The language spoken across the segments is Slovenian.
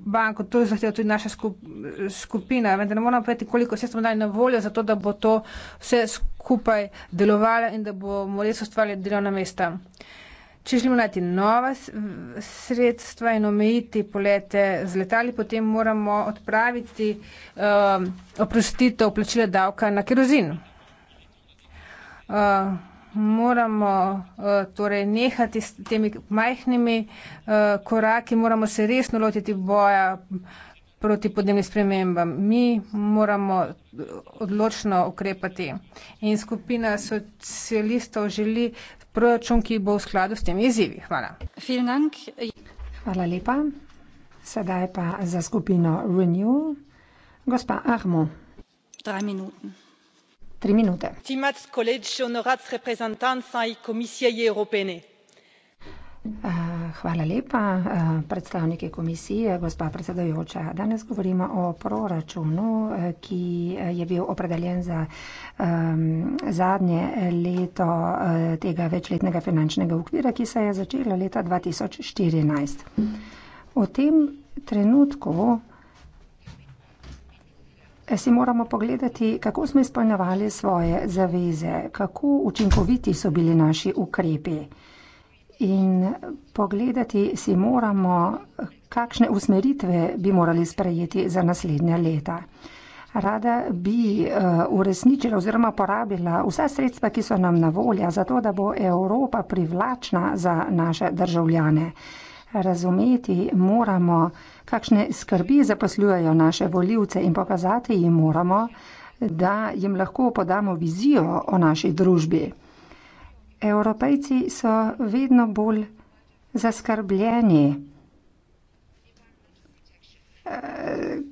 banko, to je zahteva tudi naša skup, skupina, vendar ne moramo povedati, koliko vse smo dali na voljo za to, da bo to vse skupaj delovalo in da bomo res ustvarjali delovna mesta. Če želimo najti nova sredstva in omejiti polete z letali, potem moramo odpraviti um, oprostitev plačila davka na kerozin. Uh, moramo eh, torej nehati s temi majhnimi eh, koraki, moramo se resno lotiti boja proti podnebnim spremembam. Mi moramo eh, odločno ukrepati. In skupina socialistov želi proračun, ki bo v skladu s temi izzivi. Hvala. Hvala lepa. Sedaj pa za skupino Renew. Gospa Armo. 3 minuten. Eh, hvala lepa, eh, predstavniki komisije, gospa predsedujoča. Danes govorimo o proračunu, eh, ki je bil opredeljen za, ehm, zadnje leto, tega večletnega finančnega okvira, ki se je začelo leta dva tisoč štirinajst. V tem trenutku Si moramo pogledati, kako smo izpolnjevali svoje zaveze, kako učinkoviti so bili naši ukrepi. In pogledati si moramo, kakšne usmeritve bi morali sprejeti za naslednja leta. Rada bi eh, uresničila oziroma porabila vsa sredstva, ki so nam na volja, zato da bo Evropa privlačna za naše državljane. Razumeti moramo, kakšne skrbi zaposlujejo naše voljivce in pokazati jim moramo, da jim lahko podamo vizijo o naši družbi. Evropejci so vedno bolj zaskrbljeni,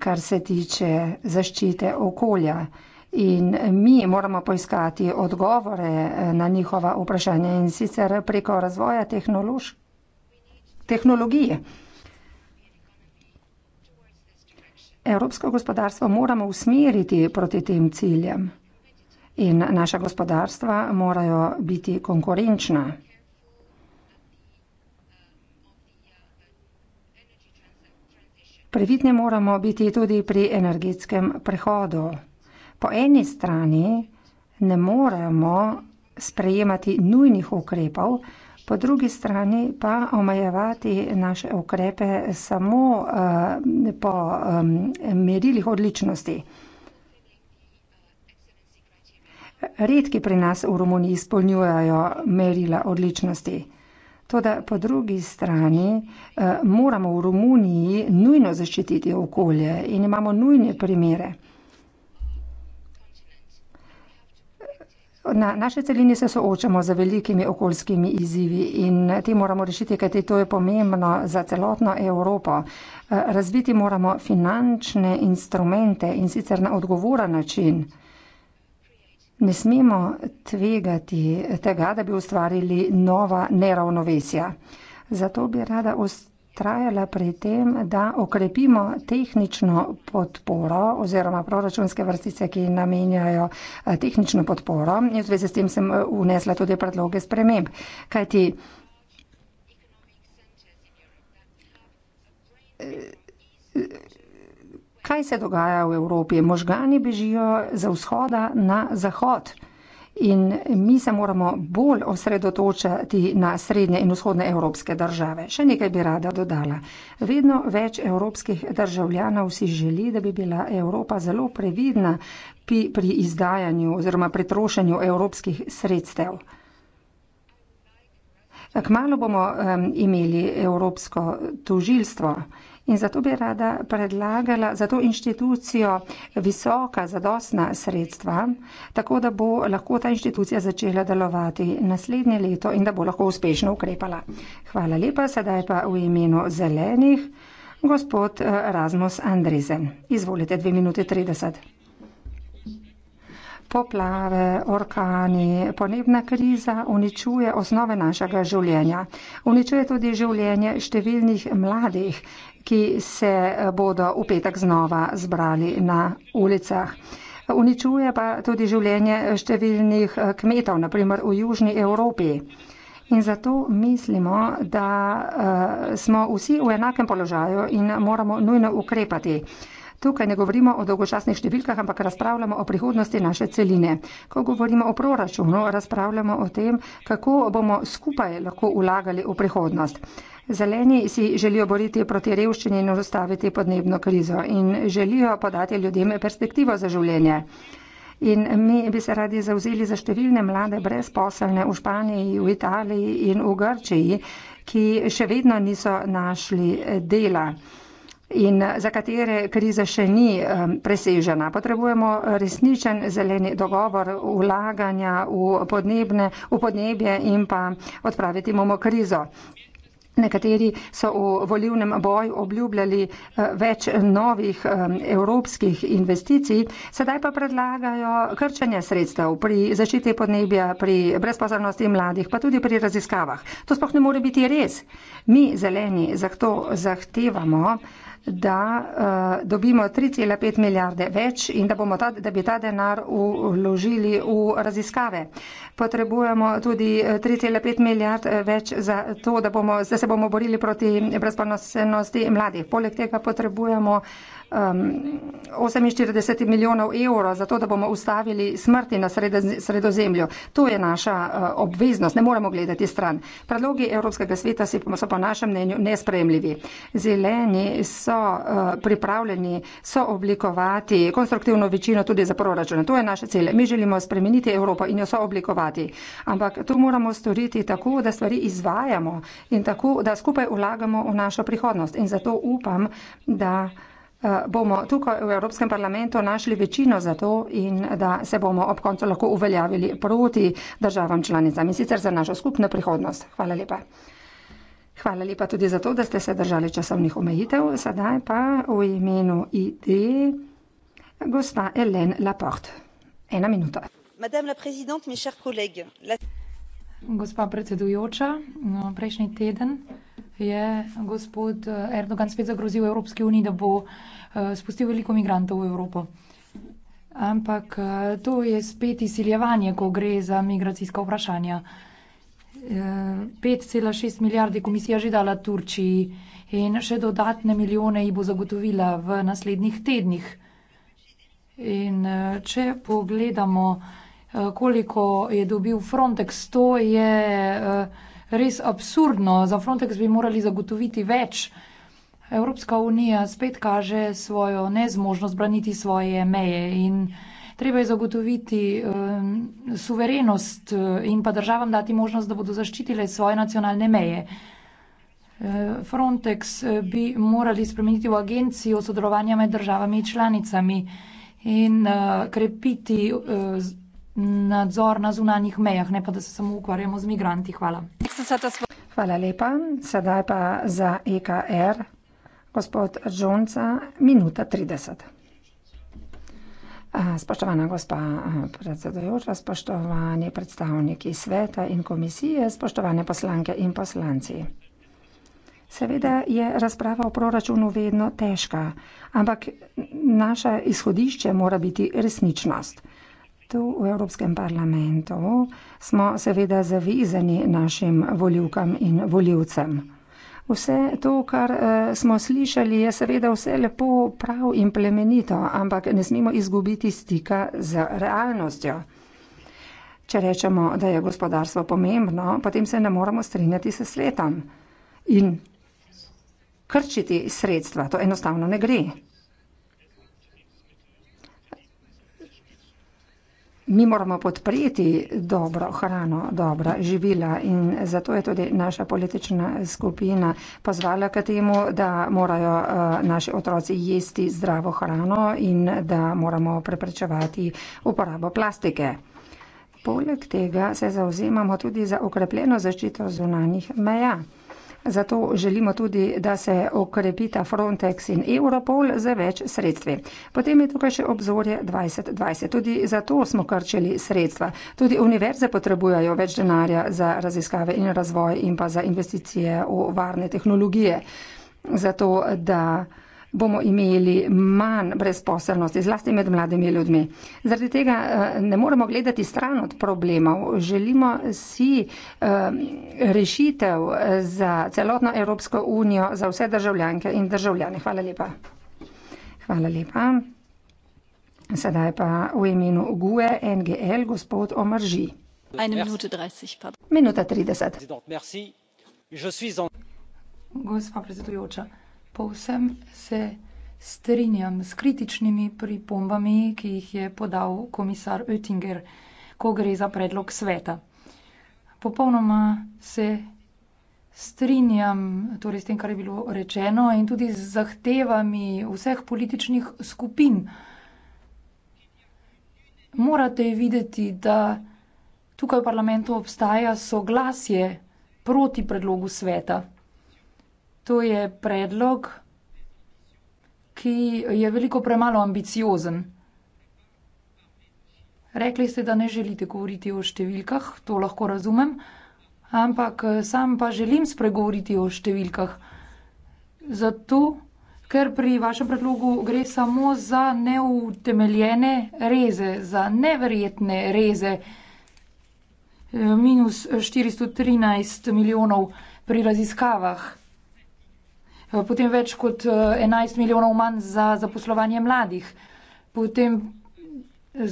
kar se tiče zaščite okolja. In mi moramo poiskati odgovore na njihova vprašanja in sicer preko razvoja tehnološ... tehnologije. Evropsko gospodarstvo moramo usmeriti proti tem ciljem in naša gospodarstva morajo biti konkurenčna. Previdni moramo biti tudi pri energetskem prehodu. Po eni strani ne moremo sprejemati nujnih ukrepov, po drugi strani pa omejevati naše ukrepe samo eh, po eh, merilih odličnosti. Redki pri nas v Romuniji izpolnjujejo merila odličnosti. Toda po drugi strani eh, moramo v Romuniji nujno zaščititi okolje in imamo nujne primere. Na naši celini se soočamo z velikimi okoljskimi izzivi in te moramo rešiti, kajti to je pomembno za celotno Evropo. Eh, razviti moramo finančne instrumente in sicer na odgovoren način. Ne smemo tvegati tega, da bi ustvarili nova neravnovesja. Zato bi rada ustvarila trajala pri tem, da okrepimo tehnično podporo oziroma proračunske vrstice, ki namenjajo eh, tehnično podporo. In v zvezi s tem sem unesla eh, tudi predloge sprememb. Kajti eh, kaj se dogaja v Evropi? Možgani bežijo za vzhoda na zahod in mi se moramo bolj osredotočati na srednje in vzhodne evropske države. Še nekaj bi rada dodala. Vedno več evropskih državljanov si želi, da bi bila Evropa zelo previdna pri izdajanju oziroma pretrošenju evropskih sredstev. Kmalo bomo um, imeli evropsko tožilstvo. In zato bi rada predlagala za to inštitucijo visoka, zadosna sredstva, tako da bo lahko ta inštitucija začela delovati naslednje leto in da bo lahko uspešno ukrepala. Hvala lepa, sedaj pa v imenu zelenih gospod eh, Rasmus Andrizen. Izvolite 2 minute 30. Poplave, orkani, ponebna kriza uničuje osnove našega življenja. Uničuje tudi življenje številnih mladih, ki se eh, bodo v petek znova zbrali na ulicah. Uničuje pa tudi življenje številnih eh, kmetov, naprimer v Južni Evropi. In zato mislimo, da eh, smo vsi v enakem položaju in moramo nujno ukrepati. Tukaj ne govorimo o dolgočasnih številkah, ampak razpravljamo o prihodnosti naše celine. Ko govorimo o proračunu, razpravljamo o tem, kako bomo skupaj lahko ulagali v prihodnost. Zeleni si želijo boriti proti revščini in ustaviti podnebno krizo in želijo podati ljudem perspektivo za življenje. In mi bi se radi zauzeli za številne mlade brezposelne v Španiji, v Italiji in v Grčiji, ki še vedno niso našli dela in za katere kriza še ni um, presežena. Potrebujemo resničen zeleni dogovor vlaganja v, podnebne, v podnebje in pa odpraviti bomo krizo. Nekateri so v volivnem boju obljubljali eh, več novih eh, evropskih investicij, sedaj pa predlagajo krčanje sredstev pri zaščiti podnebja, pri brezposobnosti mladih, pa tudi pri raziskavah. To sploh ne more biti res. Mi, zeleni, zato zahtevamo da uh, dobimo 3,5 milijarde več in da, ta, da bi ta denar vložili v raziskave. Potrebujemo tudi 3,5 eh, milijard eh, več za to, da, bomo, da se bomo borili proti brezpanosenosti mladih. Poleg tega potrebujemo uh, 48 um, milijonov evrov za to, da bomo ustavili smrti na sredozemlju. To je naša uh, obveznost, ne moremo gledati stran. Predlogi Evropskega sveta so po našem mnenju nespremljivi. Zeleni so uh, pripravljeni so oblikovati konstruktivno večino tudi za proračune. To je naše cilje. Mi želimo spremeniti Evropo in jo so oblikovati. Ampak to moramo storiti tako, da stvari izvajamo in tako, da skupaj vlagamo v našo prihodnost. In zato upam, da bomo tukaj v Evropskem parlamentu našli večino za to in da se bomo ob koncu lahko uveljavili proti državam članicam in sicer za našo skupno prihodnost. Hvala lepa. Hvala lepa tudi za to, da ste se držali časovnih omejitev. Sedaj pa v imenu ID gospa Elen Laporte. Ena minuta. Gospa predsedujoča, no, prejšnji teden je gospod eh, Erdogan spet zagrozil Evropski uniji, da bo eh, spustil veliko migrantov v Evropo. Ampak eh, to je spet izsiljevanje, ko gre za migracijska vprašanja. 5,6 milijarde je komisija že dala Turčiji in še dodatne milijone ji bo zagotovila v naslednjih tednih. In če pogledamo, koliko je dobil Frontex, to je res absurdno. Za Frontex bi morali zagotoviti več. Evropska unija spet kaže svojo nezmožnost braniti svoje meje in treba je zagotoviti um, suverenost uh, in pa državam dati možnost, da bodo zaščitile svoje nacionalne meje. Uh, Frontex uh, bi morali spremeniti v agencijo sodelovanja med državami in članicami in uh, krepiti uh, nadzor na zunanjih mejah, ne pa da se samo ukvarjamo z migranti. Hvala. Hvala lepa. Sedaj pa za EKR. Gospod Žonca, minuta 30. Spoštovana gospa predsedojoča, spoštovani predstavniki sveta in komisije, spoštovane poslanke in poslanci. Seveda je razprava o proračunu vedno težka, ampak naše izhodišče mora biti resničnost. Tu v Evropskem parlamentu smo seveda zavizani našim voljivkam in voljivcem. Vse to, kar eh, smo slišali, je seveda vse lepo, prav in plemenito, ampak ne smemo izgubiti stika z realnostjo. Če rečemo, da je gospodarstvo pomembno, potem se ne moramo strinjati s svetom in krčiti sredstva. To enostavno ne gre. mi moramo podpreti dobro hrano, dobra živila in zato je tudi naša politična skupina pozvala k temu, da morajo eh, naši otroci jesti zdravo hrano in da moramo preprečevati uporabo plastike. Poleg tega se zauzemamo tudi za okrepljeno zaščito zunanjih meja. Zato želimo tudi, da se okrepita Frontex in Europol z več sredstvi. Potem je tukaj še obzorje 2020. Tudi zato smo krčili sredstva. Tudi univerze potrebujajo več denarja za raziskave in razvoj in pa za investicije v varne tehnologije. Zato, da bomo imeli manj brezposelnosti, zlasti med mladimi ljudmi. Zaradi tega eh, ne moremo gledati stran od problemov. Želimo si eh, rešitev eh, za celotno Evropsko unijo, za vse državljanke in državljane. Hvala lepa. Hvala lepa. Sedaj pa v imenu GUE NGL gospod Omarži. Minuta 30. Gospa predsedujoča. Povsem se strinjam s kritičnimi pripombami, ki jih je podal komisar Oettinger, ko gre za predlog sveta. Popolnoma se strinjam torej s tem, kar je bilo rečeno in tudi z zahtevami vseh političnih skupin. Morate videti, da tukaj v parlamentu obstaja soglasje proti predlogu sveta. To je predlog, ki je veliko premalo ambiciozen. Rekli ste, da ne želite govoriti o številkah, to lahko razumem, ampak eh, sam pa želim spregovoriti o številkah. Zato, ker pri vašem predlogu gre samo za neutemeljene reze, za neverjetne reze. Eh, minus 413 milijonov pri raziskavah. Eh, potem več kot 11 eh, milijonov manj za zaposlovanje mladih, potem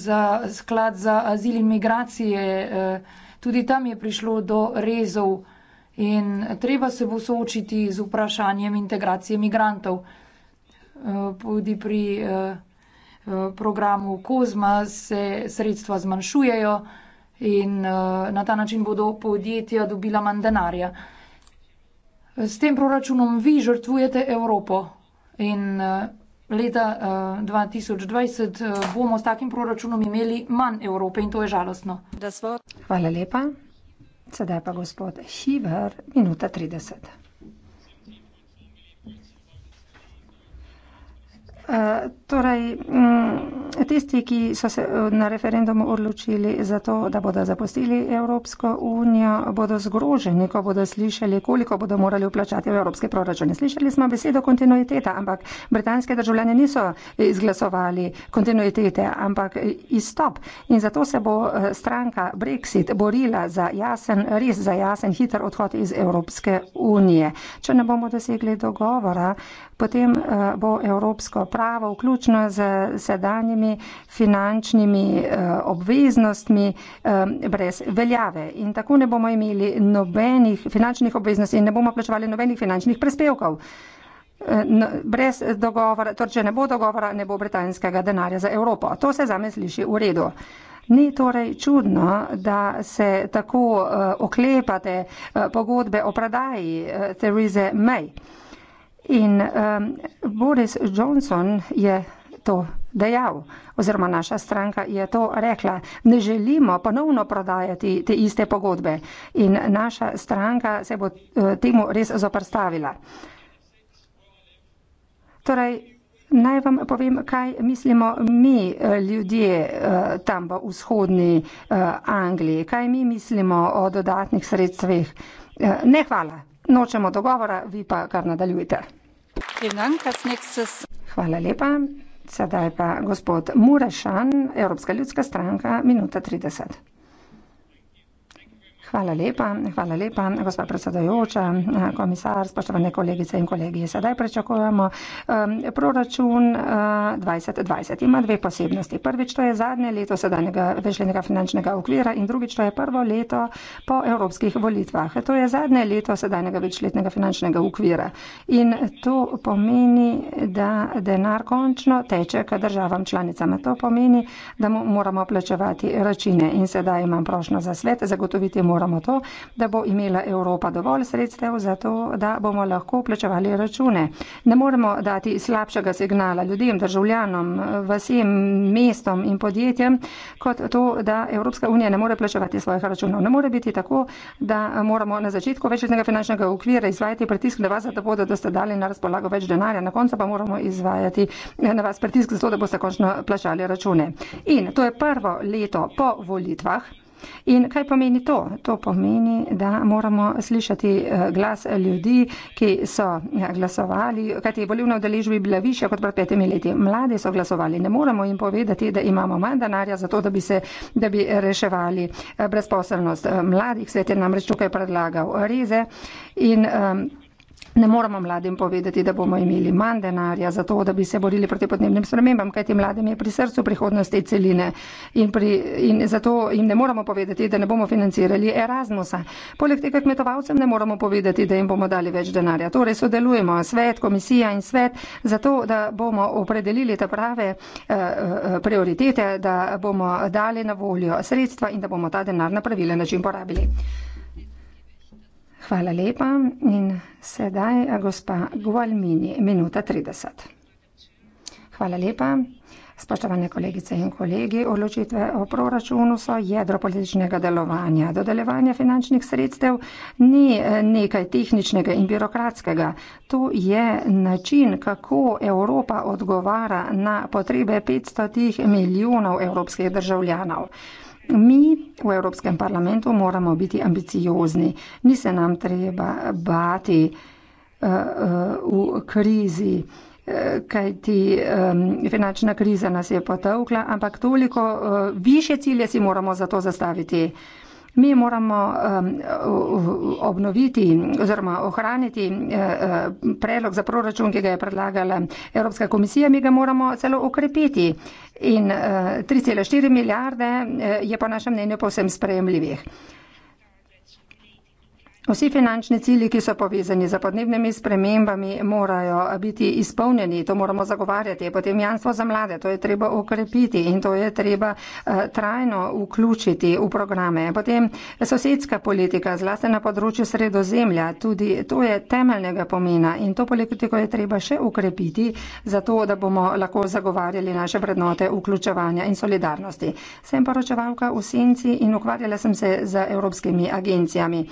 za sklad za azil in migracije, eh, tudi tam je prišlo do rezov in treba se bo soočiti z vprašanjem integracije migrantov. Tudi pri programu Kozma se sredstva zmanjšujejo in na ta način bodo podjetja dobila manj denarja. S tem proračunom vi žrtvujete Evropo in eh, leta 2020 eh, eh, bomo s takim proračunom imeli manj Evrope in to je žalostno. Hvala lepa. Sedaj pa gospod Hiver, minuta 30. Torej, mm, tisti, ki so se eh, na referendumu odločili za to, da bodo zapustili Evropsko unijo, bodo zgroženi, ko bodo slišali, koliko bodo morali vplačati v evropske proračune. Slišali smo besedo kontinuiteta, ampak britanske državljane niso eh, izglasovali kontinuitete, ampak eh, izstop. In zato se bo stranka Brexit borila za jasen, res za jasen, hiter odhod iz Evropske unije. Če ne bomo dosegli dogovora, potem eh, bo evropsko pravo, vključno z sedanjimi finančnimi eh, obveznostmi, eh, brez veljave. In tako ne bomo imeli nobenih finančnih obveznosti in ne bomo plačevali nobenih finančnih prispevkov. No, brez dogovora, torej če ne bo dogovora, ne bo britanskega denarja za Evropo. To se zame sliši v redu. Ni torej čudno, da se tako uh, oklepate uh, pogodbe o predaji uh, Therese May. Uh, In um, Boris Johnson je to dejal, oziroma naša stranka je to rekla. Ne želimo ponovno prodajati te iste pogodbe in naša stranka se bo uh, temu res zoprstavila. Torej, naj vam povem, kaj mislimo mi uh, ljudje uh, tam v vzhodni uh, Angliji, kaj mi mislimo o dodatnih sredstvih. Ne hvala, nočemo dogovora, vi pa kar nadaljujte. Hvala lepa. Sedaj pa gospod Murešan, Evropska ljudska stranka, minuta trideset. Hvala lepa, hvala lepa, gospa predsedajoča, komisar, spoštovane kolegice in kolegi. Sedaj pričakujemo um, proračun uh, 2020. Ima dve posebnosti. Prvič, to je zadnje leto sedanjega večletnega finančnega okvira in drugič, to je prvo leto po evropskih volitvah. To je zadnje leto sedanjega večletnega finančnega okvira in to pomeni, da denar končno teče k državam članicam. To pomeni, da mu moramo plačevati račine in sedaj imam prošnjo za svet zagotoviti moralno moramo to, da bo imela Evropa dovolj sredstev za to, da bomo lahko plačevali račune. Ne moremo dati slabšega signala ljudem, državljanom, vsem mestom in podjetjem, kot to, da Evropska unija ne more plačevati svojih računov. Ne more biti tako, da moramo na začetku večletnega finančnega okvira izvajati pritisk na vas, da bodo doste dali na razpolago več denarja. Na koncu pa moramo izvajati eh, na vas pritisk za to, da boste končno plačali račune. In to je prvo leto po volitvah. In kaj pomeni to? To pomeni, da moramo slišati eh, glas ljudi, ki so ja, glasovali, kajti volivna odeležba bi bila višja kot pred petimi leti. Mladi so glasovali. Ne moramo jim povedati, da imamo manj denarja za to, da bi, se, da bi reševali eh, brezposelnost eh, mladih. Svet je namreč tukaj predlagal rize. In, um, Ne moramo mladim povedati, da bomo imeli manj denarja za to, da bi se borili proti podnebnim spremembam, kajti mladim je pri srcu prihodnost te celine in, pri, in zato jim ne moramo povedati, da ne bomo financirali Erasmusa. Poleg tega kmetovalcem ne moramo povedati, da jim bomo dali več denarja. Torej sodelujemo svet, komisija in svet, zato da bomo opredelili te prave uh, prioritete, da bomo dali na voljo sredstva in da bomo ta denar na pravilen način porabili. Hvala lepa in sedaj eh, gospa Gualmini, minuta 30. Hvala lepa. Spoštovane kolegice in kolegi, odločitve o proračunu so jedro političnega delovanja. Dodelevanje finančnih sredstev ni eh, nekaj tehničnega in birokratskega. To je način, kako Evropa odgovara na potrebe 500 milijonov evropskih državljanov. Mi v Evropskem parlamentu moramo biti ambiciozni, ni se nam treba bati uh, uh, v krizi, uh, eh, kaj ti um, ehm, finančna kriza nas je potovkla, ampak toliko uh, više cilje si moramo za to zastaviti. Mi moramo um, obnoviti oziroma ohraniti uh, uh, predlog za proračun, ki ga je predlagala Evropska komisija, mi ga moramo celo ukrepiti. In 3,4 uh, milijarde je po našem mnenju povsem sprejemljivih. Vsi finančni cilji, ki so povezani z podnebnimi spremembami, morajo biti izpolnjeni. To moramo zagovarjati. Potem jamstvo za mlade, to je treba ukrepiti in to je treba uh, trajno vključiti v programe. Potem sosedska politika, zlasti na področju sredozemlja, tudi to je temeljnega pomena in to politiko je treba še ukrepiti, zato da bomo lahko zagovarjali naše vrednote vključevanja in solidarnosti. Sem poročevalka v Senci in ukvarjala sem se z evropskimi agencijami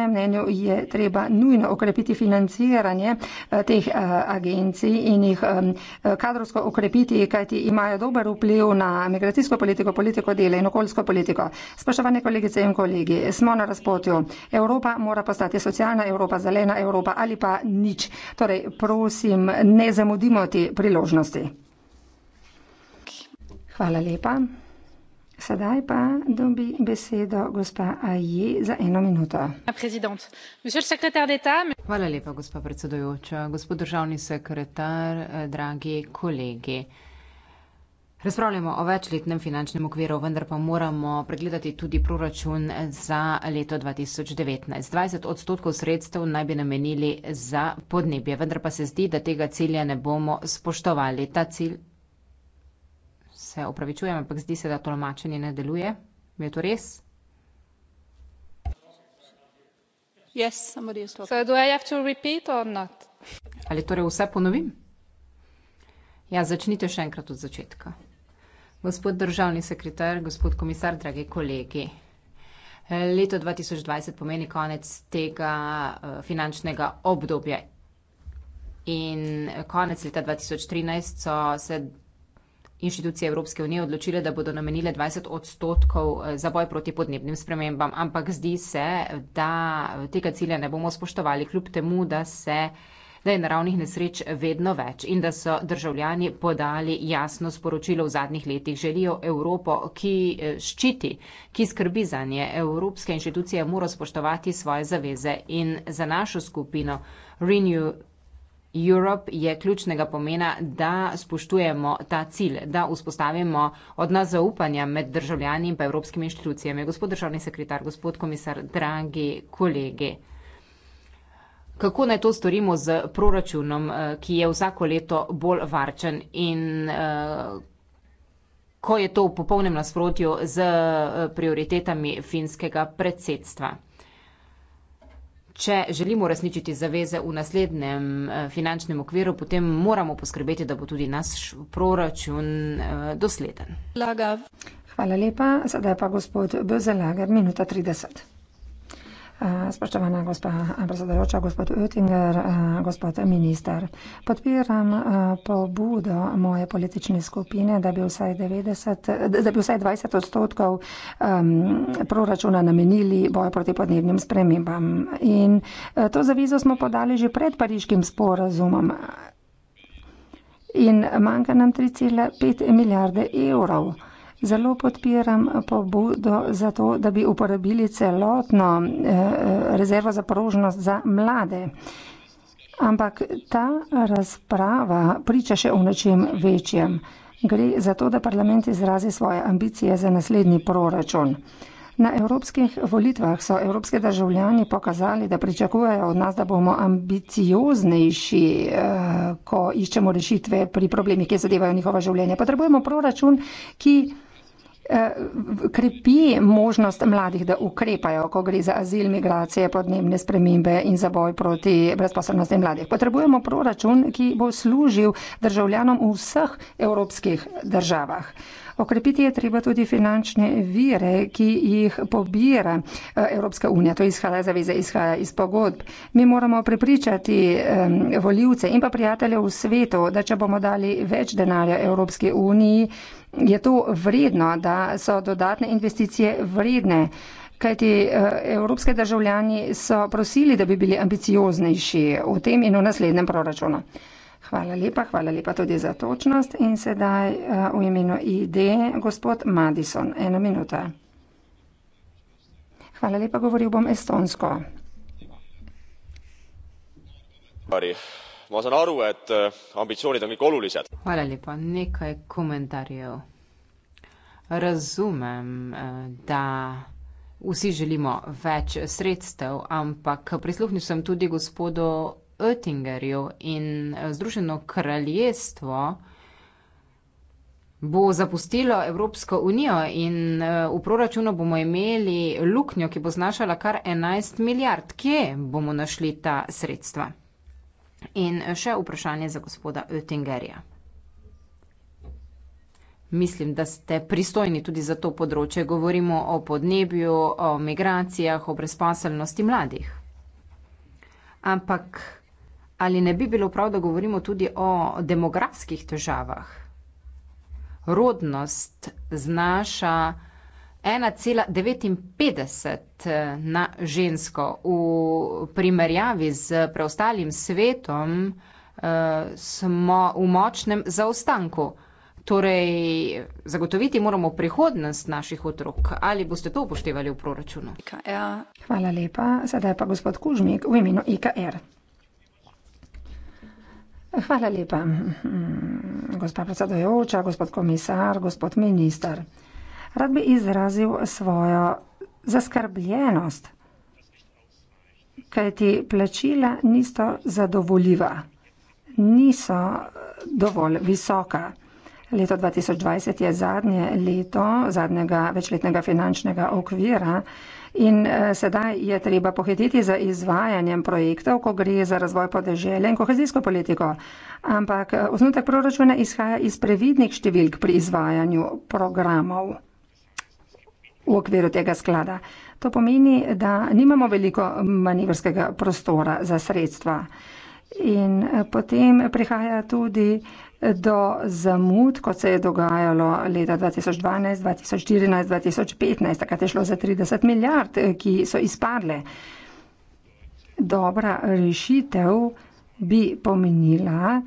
mojem mnenju je treba nujno okrepiti financiranje eh, teh eh, agencij in jih eh, kadrovsko okrepiti, kajti imajo dober vpliv na migracijsko politiko, politiko dela in okoljsko politiko. Spoštovane kolegice in kolegi, smo na razpotju. Evropa mora postati socialna Evropa, zelena Evropa ali pa nič. Torej, prosim, ne zamudimo te priložnosti. Hvala lepa. Sedaj pa dobi besedo gospa Aji za eno minuto. Hvala lepa, gospa predsedujoča, gospod državni sekretar, eh, dragi kolegi. Razpravljamo o večletnem finančnem okviru, vendar pa moramo pregledati tudi proračun za leto 2019. 20 odstotkov sredstev naj bi namenili za podnebje, vendar pa se zdi, da tega cilja ne bomo spoštovali. Ta cilj se opravičujem, ampak zdi se, da tolmačenje ne deluje. Je to res? Yes, so, do I have to repeat or not? Ali torej vse ponovim? Ja, začnite še enkrat od začetka. Gospod državni sekretar, gospod komisar, dragi kolegi. Leto 2020 pomeni konec tega eh, finančnega obdobja. In konec leta 2013 so se inštitucije Evropske unije odločile, da bodo namenile 20 odstotkov eh, za boj proti podnebnim spremembam, ampak zdi se, da tega cilja ne bomo spoštovali, kljub temu, da, se, da je naravnih nesreč vedno več in da so državljani podali jasno sporočilo v zadnjih letih. Želijo Evropo, ki eh, ščiti, ki skrbi za nje. Evropske inštitucije morajo spoštovati svoje zaveze in za našo skupino Renew Europe je ključnega pomena, da spoštujemo ta cilj, da vzpostavimo odnos zaupanja med državljani in pa evropskimi inštitucijami. Gospod državni sekretar, gospod komisar, dragi kolegi, kako naj to storimo z proračunom, eh, ki je vsako leto bolj varčen in eh, ko je to v popolnem nasprotju z eh, prioritetami finskega predsedstva? če želimo resničiti zaveze v naslednjem eh, finančnem okviru, potem moramo poskrbeti, da bo tudi naš proračun eh, dosleden. Laga. Hvala lepa, sedaj pa gospod Bezelager, minuta 30. Spoštovana gospa predsedujoča, gospod Oettinger, gospod minister. Podpiram pobudo moje politične skupine, da bi vsaj, 90, da bi vsaj 20 odstotkov proračuna namenili boju proti podnebnim spremembam. In e, to zavizo smo podali že pred pariškim sporazumom. In manjka nam 3,5 milijarde evrov. Zelo podpiram pobudo za to, da bi uporabili celotno eh, eh, rezervo za porožnost za mlade. Ampak ta razprava priča še o nečem večjem. Gre za to, da parlament izrazi svoje ambicije za naslednji proračun. Na evropskih volitvah so evropske državljani pokazali, da pričakujejo od nas, da bomo ambicioznejši, eh, ko iščemo rešitve pri problemih, ki zadevajo njihova življenja. Potrebujemo proračun, ki krepi možnost mladih, da ukrepajo, ko gre za azil, migracije, podnebne spremembe in za boj proti brezposobnosti mladih. Potrebujemo proračun, ki bo služil državljanom v vseh evropskih državah. Okrepiti je treba tudi finančne vire, ki jih pobira eh, Evropska unija. To izhaja iz zaveze, izhaja iz pogodb. Mi moramo prepričati voljivce in pa prijatelje v svetu, da če bomo dali več denarja Evropske uniji, je to vredno, da so dodatne investicije vredne. Kajti eh, evropske državljani so prosili, da bi bili ambicioznejši v tem in v naslednjem proračunu. Hvala lepa, hvala lepa tudi za točnost in sedaj eh, v imenu ID gospod Madison. Ena minuta. Hvala lepa, govoril bom estonsko. Eh, hvala lepa, nekaj komentarjev. Razumem, eh, da vsi želimo več sredstev, ampak prisluhnil sem tudi gospodu Oettingerju in eh, Združeno kraljestvo bo zapustilo Evropsko unijo in eh, v proračunu bomo imeli luknjo, ki bo znašala kar 11 milijard. Kje bomo našli ta sredstva? In eh, še vprašanje za gospoda Oettingerja. Mislim, da ste pristojni tudi za to področje. Govorimo o podnebju, o migracijah, o brezposelnosti mladih. Ampak ali ne bi bilo prav, da govorimo tudi o demografskih težavah? Rodnost znaša 1,59 eh, na žensko. V primerjavi z preostalim svetom eh, smo v močnem zaostanku. Torej, zagotoviti moramo prihodnost naših otrok. Ali boste to upoštevali v proračunu? Hvala lepa. Sedaj pa gospod Kužmik v imenu IKR. Hvala lepa, mm, gospa predsedojoča, gospod komisar, gospod minister. Rad bi izrazil svojo zaskrbljenost, kajti plačila nisto zadovoljiva, niso dovolj visoka. Leto 2020 je zadnje leto zadnjega večletnega finančnega okvira, In eh, sedaj je treba pohititi za izvajanjem projektov, ko gre za razvoj podeželja in kohezijsko politiko. Ampak eh, osnutek proračuna izhaja iz previdnih številk pri izvajanju programov v okviru tega sklada. To pomeni, da nimamo veliko manevrskega prostora za sredstva. In eh, potem prihaja tudi do zamud, kot se je dogajalo leta 2012, 2014, 2015, takrat je šlo za 30 milijard, ki so izpadle. Dobra rešitev bi pomenila,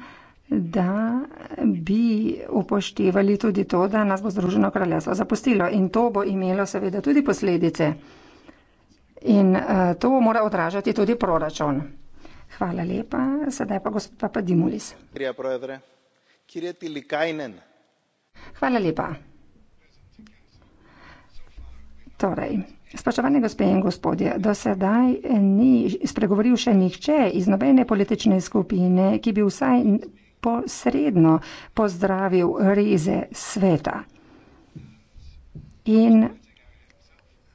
da bi upoštevali tudi to, da nas bo Združeno kraljestvo zapustilo in to bo imelo seveda tudi posledice. In uh, to mora odražati tudi proračun. Hvala lepa. Sedaj pa gospod Papa Dimulis. Prija, Kireti Likajnen. Hvala lepa. Torej. Spoštovane gospe in gospodje, do sedaj ni spregovoril še nihče iz nobene politične skupine, ki bi vsaj posredno pozdravil rize sveta. In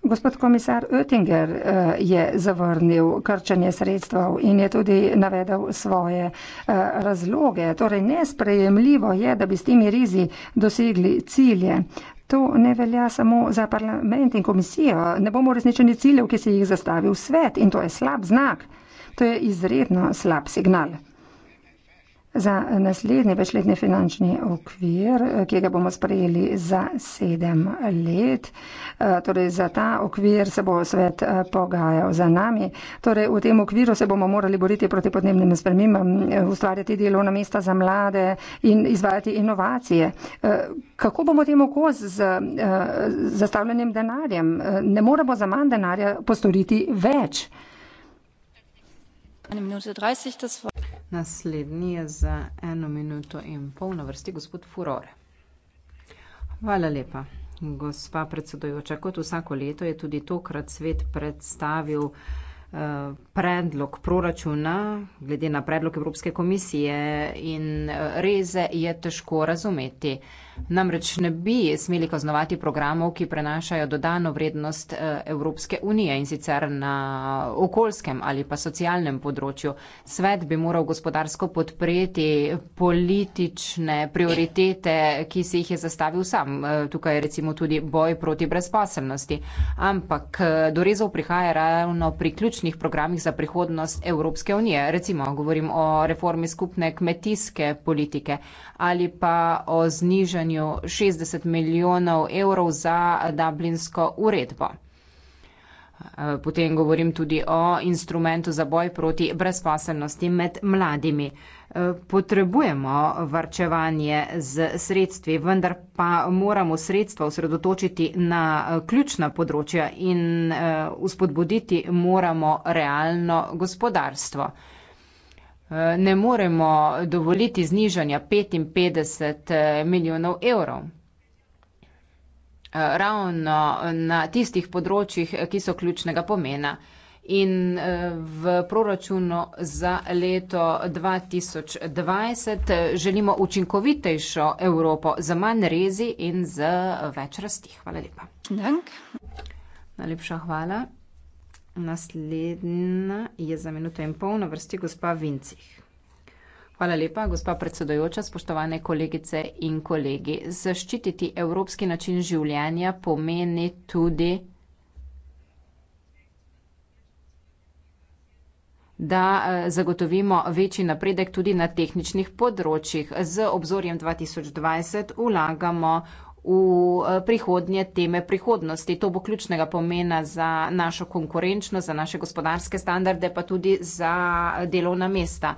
Gospod komisar Oettinger eh, je zavrnil krčanje sredstev in je tudi navedel svoje eh, razloge. Torej, nesprejemljivo je, da bi s temi rizi dosegli cilje. To ne velja samo za parlament in komisijo. Ne bomo uresničeni ciljev, ki si jih zastavil svet in to je slab znak. To je izredno slab signal za naslednji večletni finančni okvir, ki ga bomo sprejeli za sedem let. Eh, torej za ta okvir se bo svet eh, pogajal za nami. Torej v tem okviru se bomo morali boriti proti podnebnim spremembam, eh, ustvarjati delovna mesta za mlade in izvajati inovacije. Kako bomo temu koz z zastavljenim denarjem? Ne moremo za manj denarja postoriti več. 30, Naslednji je za eno minuto in pol na vrsti gospod Furore. Hvala lepa, gospa predsedojoča. Kot vsako leto je tudi tokrat svet predstavil eh, predlog proračuna, glede na predlog Evropske komisije in eh, reze je težko razumeti. Namreč ne bi smeli kaznovati programov, ki prenašajo dodano vrednost eh, Evropske unije in sicer na okoljskem ali pa socialnem področju. Svet bi moral gospodarsko podpreti politične prioritete, ki si jih je zastavil sam. Eh, tukaj je recimo tudi boj proti brezposelnosti. Ampak eh, do rezov prihaja ravno pri ključnih programih za prihodnost Evropske unije. Recimo govorim o reformi skupne kmetijske politike ali pa o znižanju črpanju 60 milijonov evrov za dublinsko uredbo. Potem govorim tudi o instrumentu za boj proti brezposelnosti med mladimi. Potrebujemo varčevanje z sredstvi, vendar pa moramo sredstva osredotočiti na ključna področja in uspodbuditi eh, moramo realno gospodarstvo ne moremo dovoliti znižanja 55 eh, milijonov evrov. Eh, ravno eh, na tistih področjih, ki so ključnega pomena. In v proračunu za leto 2020 želimo učinkovitejšo Evropo za manj rezi in z več rasti. Hvala lepa. Dank. Najlepša hvala. Naslednja je za minuto in pol na vrsti gospa Vincih. Hvala lepa, gospa predsedojoča, spoštovane kolegice in kolegi. Zaščititi evropski način življenja pomeni tudi, da eh, zagotovimo večji napredek tudi na tehničnih področjih. Z obzorjem 2020 vlagamo v eh, prihodnje teme prihodnosti. To bo ključnega pomena za našo konkurenčnost, za naše gospodarske standarde, pa tudi za delovna mesta.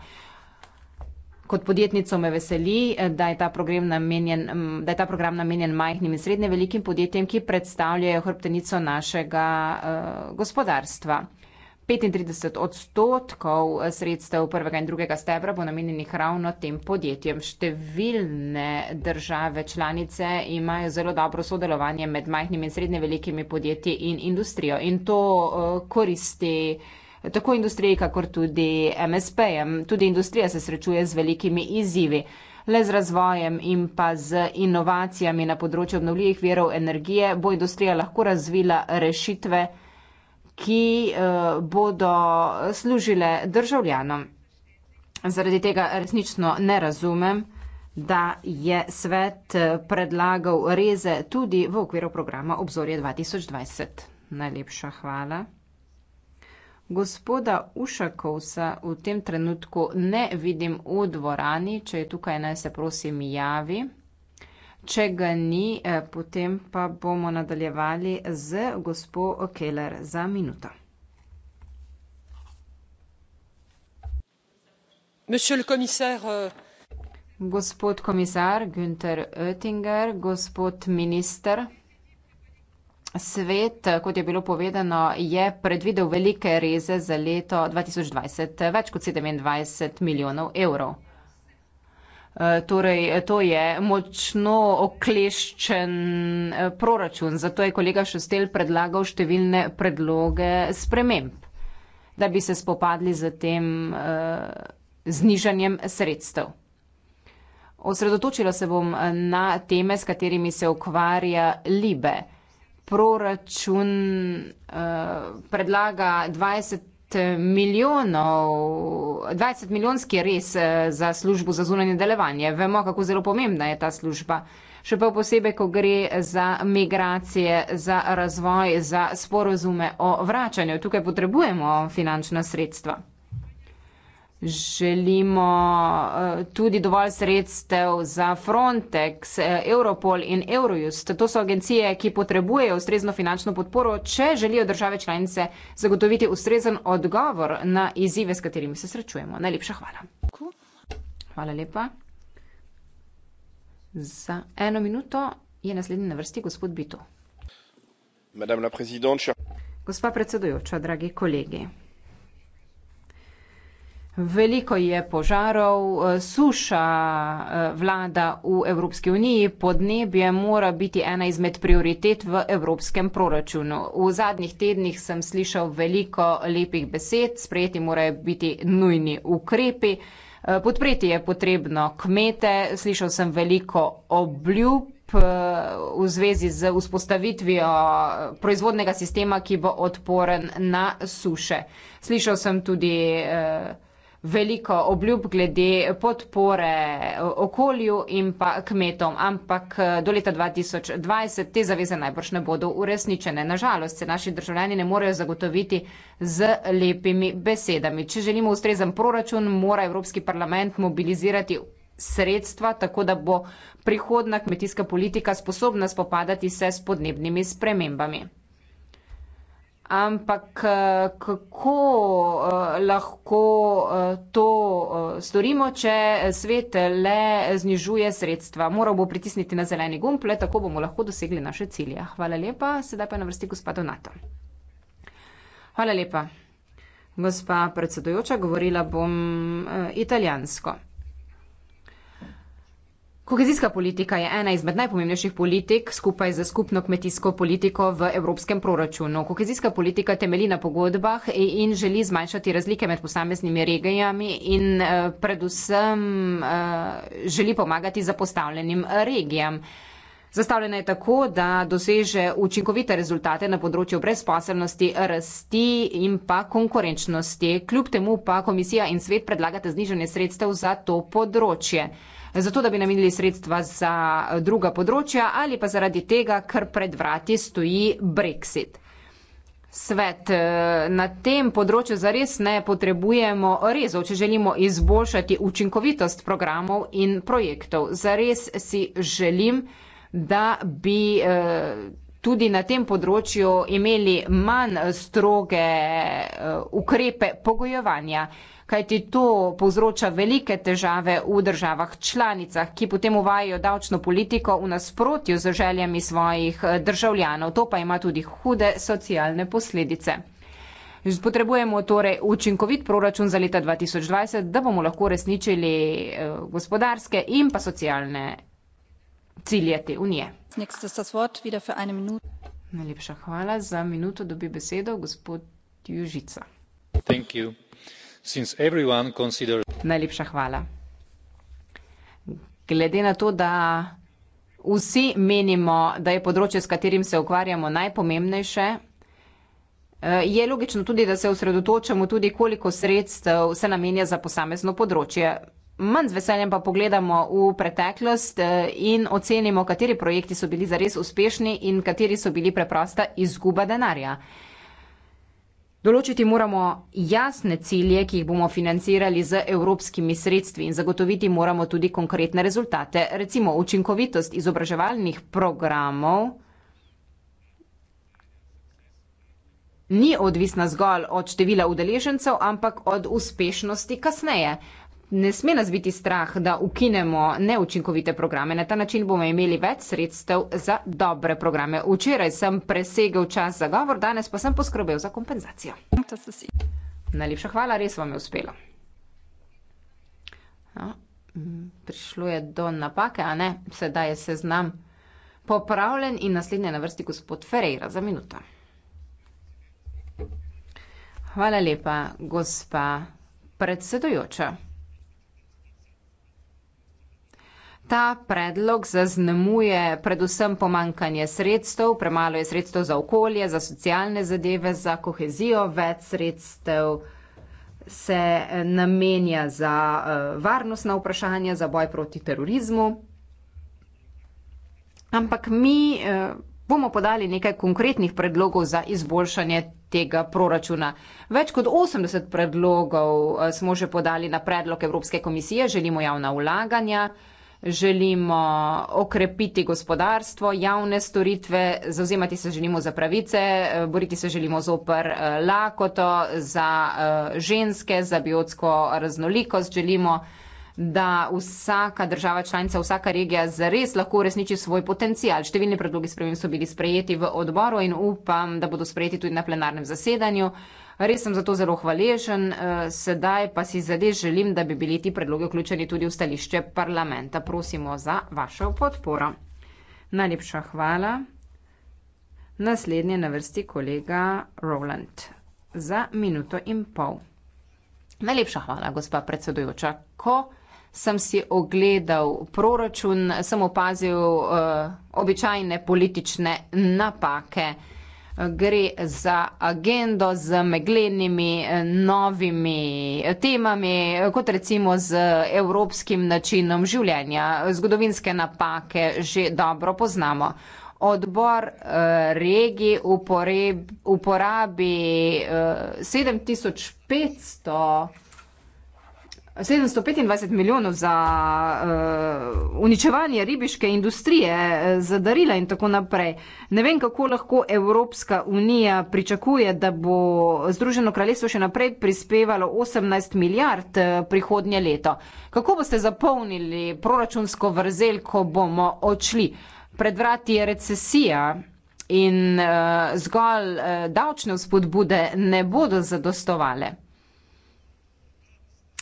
Kot podjetnico me veseli, eh, da je ta program namenjen, da je ta program namenjen majhnim in srednje velikim podjetjem, ki predstavljajo hrbtenico našega eh, gospodarstva. 35 odstotkov eh, sredstev prvega in drugega stebra bo namenjenih ravno tem podjetjem. Številne države članice imajo zelo dobro sodelovanje med majhnimi in srednje velikimi podjetji in industrijo in to eh, koristi tako industriji, kakor tudi MSP-jem. Tudi industrija se srečuje z velikimi izzivi. Le z razvojem in pa z inovacijami na področju obnovljivih verov energije bo industrija lahko razvila rešitve ki eh, bodo služile državljanom. Zaradi tega resnično ne razumem, da je svet eh, predlagal reze tudi v okviru programa Obzorje 2020. Najlepša hvala. Gospoda Ušakovsa v tem trenutku ne vidim v dvorani, če je tukaj, naj se prosim javi. Če ga ni, eh, potem pa bomo nadaljevali z gospo Keller za minuto. Euh, gospod komisar Günther Oettinger, gospod minister. Svet, kot je bilo povedano, je predvidel velike reze za leto 2020, več kot 27 milijonov evrov. Eh, torej to je močno okleščen eh, proračun, zato je kolega Šostel predlagal številne predloge sprememb, da bi se spopadli z tem eh, znižanjem sredstev. Osredotočila se bom na teme, s katerimi se ukvarja Libe. Proračun eh, predlaga 20 milijonov, 20 milijonski res eh, za službo za zunanje delovanje. Vemo, kako zelo pomembna je ta služba. Še pa posebej, ko gre za migracije, za razvoj, za sporozume o vračanju. Tukaj potrebujemo finančna sredstva želimo eh, tudi dovolj sredstev za Frontex, eh, Europol in Eurojust. To so agencije, ki potrebujejo ustrezno finančno podporo, če želijo države članice zagotoviti ustrezen odgovor na izzive, s katerimi se srečujemo. Najlepša hvala. Hvala lepa. Za eno minuto je naslednji na vrsti gospod Bito. Gospa predsedujoča, dragi kolegi. Veliko je požarov, eh, suša eh, vlada v Evropski uniji, podnebje mora biti ena izmed prioritet v evropskem proračunu. V zadnjih tednih sem slišal veliko lepih besed, sprejeti morajo biti nujni ukrepi, eh, podpreti je potrebno kmete, slišal sem veliko obljub v zvezi z vzpostavitvijo proizvodnega sistema, ki bo odporen na suše. Slišal sem tudi eh, veliko obljub glede podpore okolju in pa kmetom, ampak eh, do leta 2020 te zaveze najbrž ne bodo uresničene. Nažalost se naši državljani ne morejo zagotoviti z lepimi besedami. Če želimo ustrezen proračun, mora Evropski parlament mobilizirati sredstva, tako da bo prihodna kmetijska politika sposobna spopadati se s podnebnimi spremembami ampak eh, kako eh, lahko eh, to storimo, če svet le znižuje sredstva. Moral bo pritisniti na zeleni gumb, le tako bomo lahko dosegli naše cilje. Hvala lepa, sedaj pa na vrsti gospod Donato. Hvala lepa. Gospa predsedujoča, govorila bom italijansko. Kohezijska politika je ena izmed najpomembnejših politik skupaj z skupno kmetijsko politiko v evropskem proračunu. Kohezijska politika temelji na pogodbah in želi zmanjšati razlike med posameznimi regijami in eh, predvsem eh, želi pomagati zapostavljenim regijam. Zastavljena je tako, da doseže učinkovite rezultate na področju brezposobnosti, rasti in pa konkurenčnosti. Kljub temu pa komisija in svet predlagata znižanje sredstev za to področje zato, da bi namenili sredstva za druga področja ali pa zaradi tega, ker pred vrati stoji Brexit. Svet eh, na tem področju zares ne potrebujemo rezov, če želimo izboljšati učinkovitost programov in projektov. Zares si želim, da bi eh, tudi na tem področju imeli manj stroge eh, ukrepe pogojevanja kajti to povzroča velike težave v državah članicah, ki potem uvajajo davčno politiko v nasprotju z željami svojih eh, državljanov. To pa ima tudi hude socialne posledice. Potrebujemo torej učinkovit proračun za leta 2020, da bomo lahko resničili eh, gospodarske in pa socialne cilje te unije. Najlepša hvala. Za minuto dobi besedo gospod Južica. Thank you. Najlepša hvala. Glede na to, da vsi menimo, da je področje, s katerim se ukvarjamo, najpomembnejše, eh, je logično tudi, da se osredotočamo tudi, koliko sredstev se namenja za posamezno področje. Manj z veseljem pa pogledamo v preteklost eh, in ocenimo, kateri projekti so bili zares uspešni in kateri so bili preprosta izguba denarja. Določiti moramo jasne cilje, ki jih bomo financirali z evropskimi sredstvi in zagotoviti moramo tudi konkretne rezultate, recimo učinkovitost izobraževalnih programov. Ni odvisna zgolj od števila udeležencev, ampak od uspešnosti kasneje ne sme nas biti strah, da ukinemo neučinkovite programe. Na ta način bomo imeli več sredstev za dobre programe. Včeraj sem presegel čas za govor, danes pa sem poskrbel za kompenzacijo. Najlepša hvala, res vam je uspelo. No, prišlo je do napake, a ne, sedaj je seznam popravljen in naslednje na vrsti gospod Ferreira za minuto. Hvala lepa, gospa predsedujoča. ta predlog zaznamuje predvsem pomankanje sredstev, premalo je sredstev za okolje, za socialne zadeve, za kohezijo, več sredstev se eh, namenja za eh, varnostna vprašanja, za boj proti terorizmu. Ampak mi eh, bomo podali nekaj konkretnih predlogov za izboljšanje tega proračuna. Več kot 80 predlogov smo že podali na predlog Evropske komisije, želimo javna vlaganja želimo okrepiti gospodarstvo, javne storitve, zauzemati se želimo za pravice, eh, boriti se želimo zoper eh, lakoto, za eh, ženske, za biotsko raznolikost želimo da vsaka država članica, vsaka regija zares lahko uresniči svoj potencial. Številni predlogi sprememb so bili sprejeti v odboru in upam, da bodo sprejeti tudi na plenarnem zasedanju. Res sem zato zelo hvaležen, eh, sedaj pa si zadež želim, da bi bili ti predloge vključeni tudi v stališče parlamenta. Prosimo za vašo podporo. Najlepša hvala. Naslednji na vrsti kolega Roland za minuto in pol. Najlepša hvala, gospa predsedujoča. Ko sem si ogledal proračun, sem opazil uh, običajne politične napake. Gre za agendo z meglenimi eh, novimi temami, kot recimo z evropskim načinom življenja. Zgodovinske napake že dobro poznamo. Odbor eh, regi uporabi 7500. 725 milijonov za uh, uničevanje ribiške industrije, eh, za darila in tako naprej. Ne vem, kako lahko Evropska unija pričakuje, da bo Združeno kraljestvo še naprej prispevalo 18 milijard eh, prihodnje leto. Kako boste zapolnili proračunsko vrzel, ko bomo odšli? Pred vrati je recesija. In uh, zgolj uh, davčne vzpodbude ne bodo zadostovale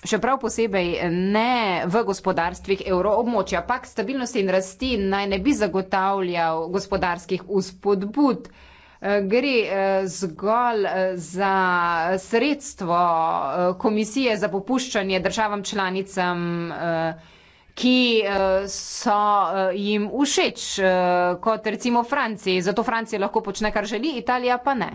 še prav posebej ne v gospodarstvih evroobmočja, pak stabilnosti in rasti naj ne bi zagotavljal gospodarskih uspodbud. Eh, gre eh, zgolj eh, za sredstvo komisije za popuščanje državam članicam, ki so jim všeč, kot recimo Franciji. Zato Francija lahko počne, kar želi, Italija pa ne.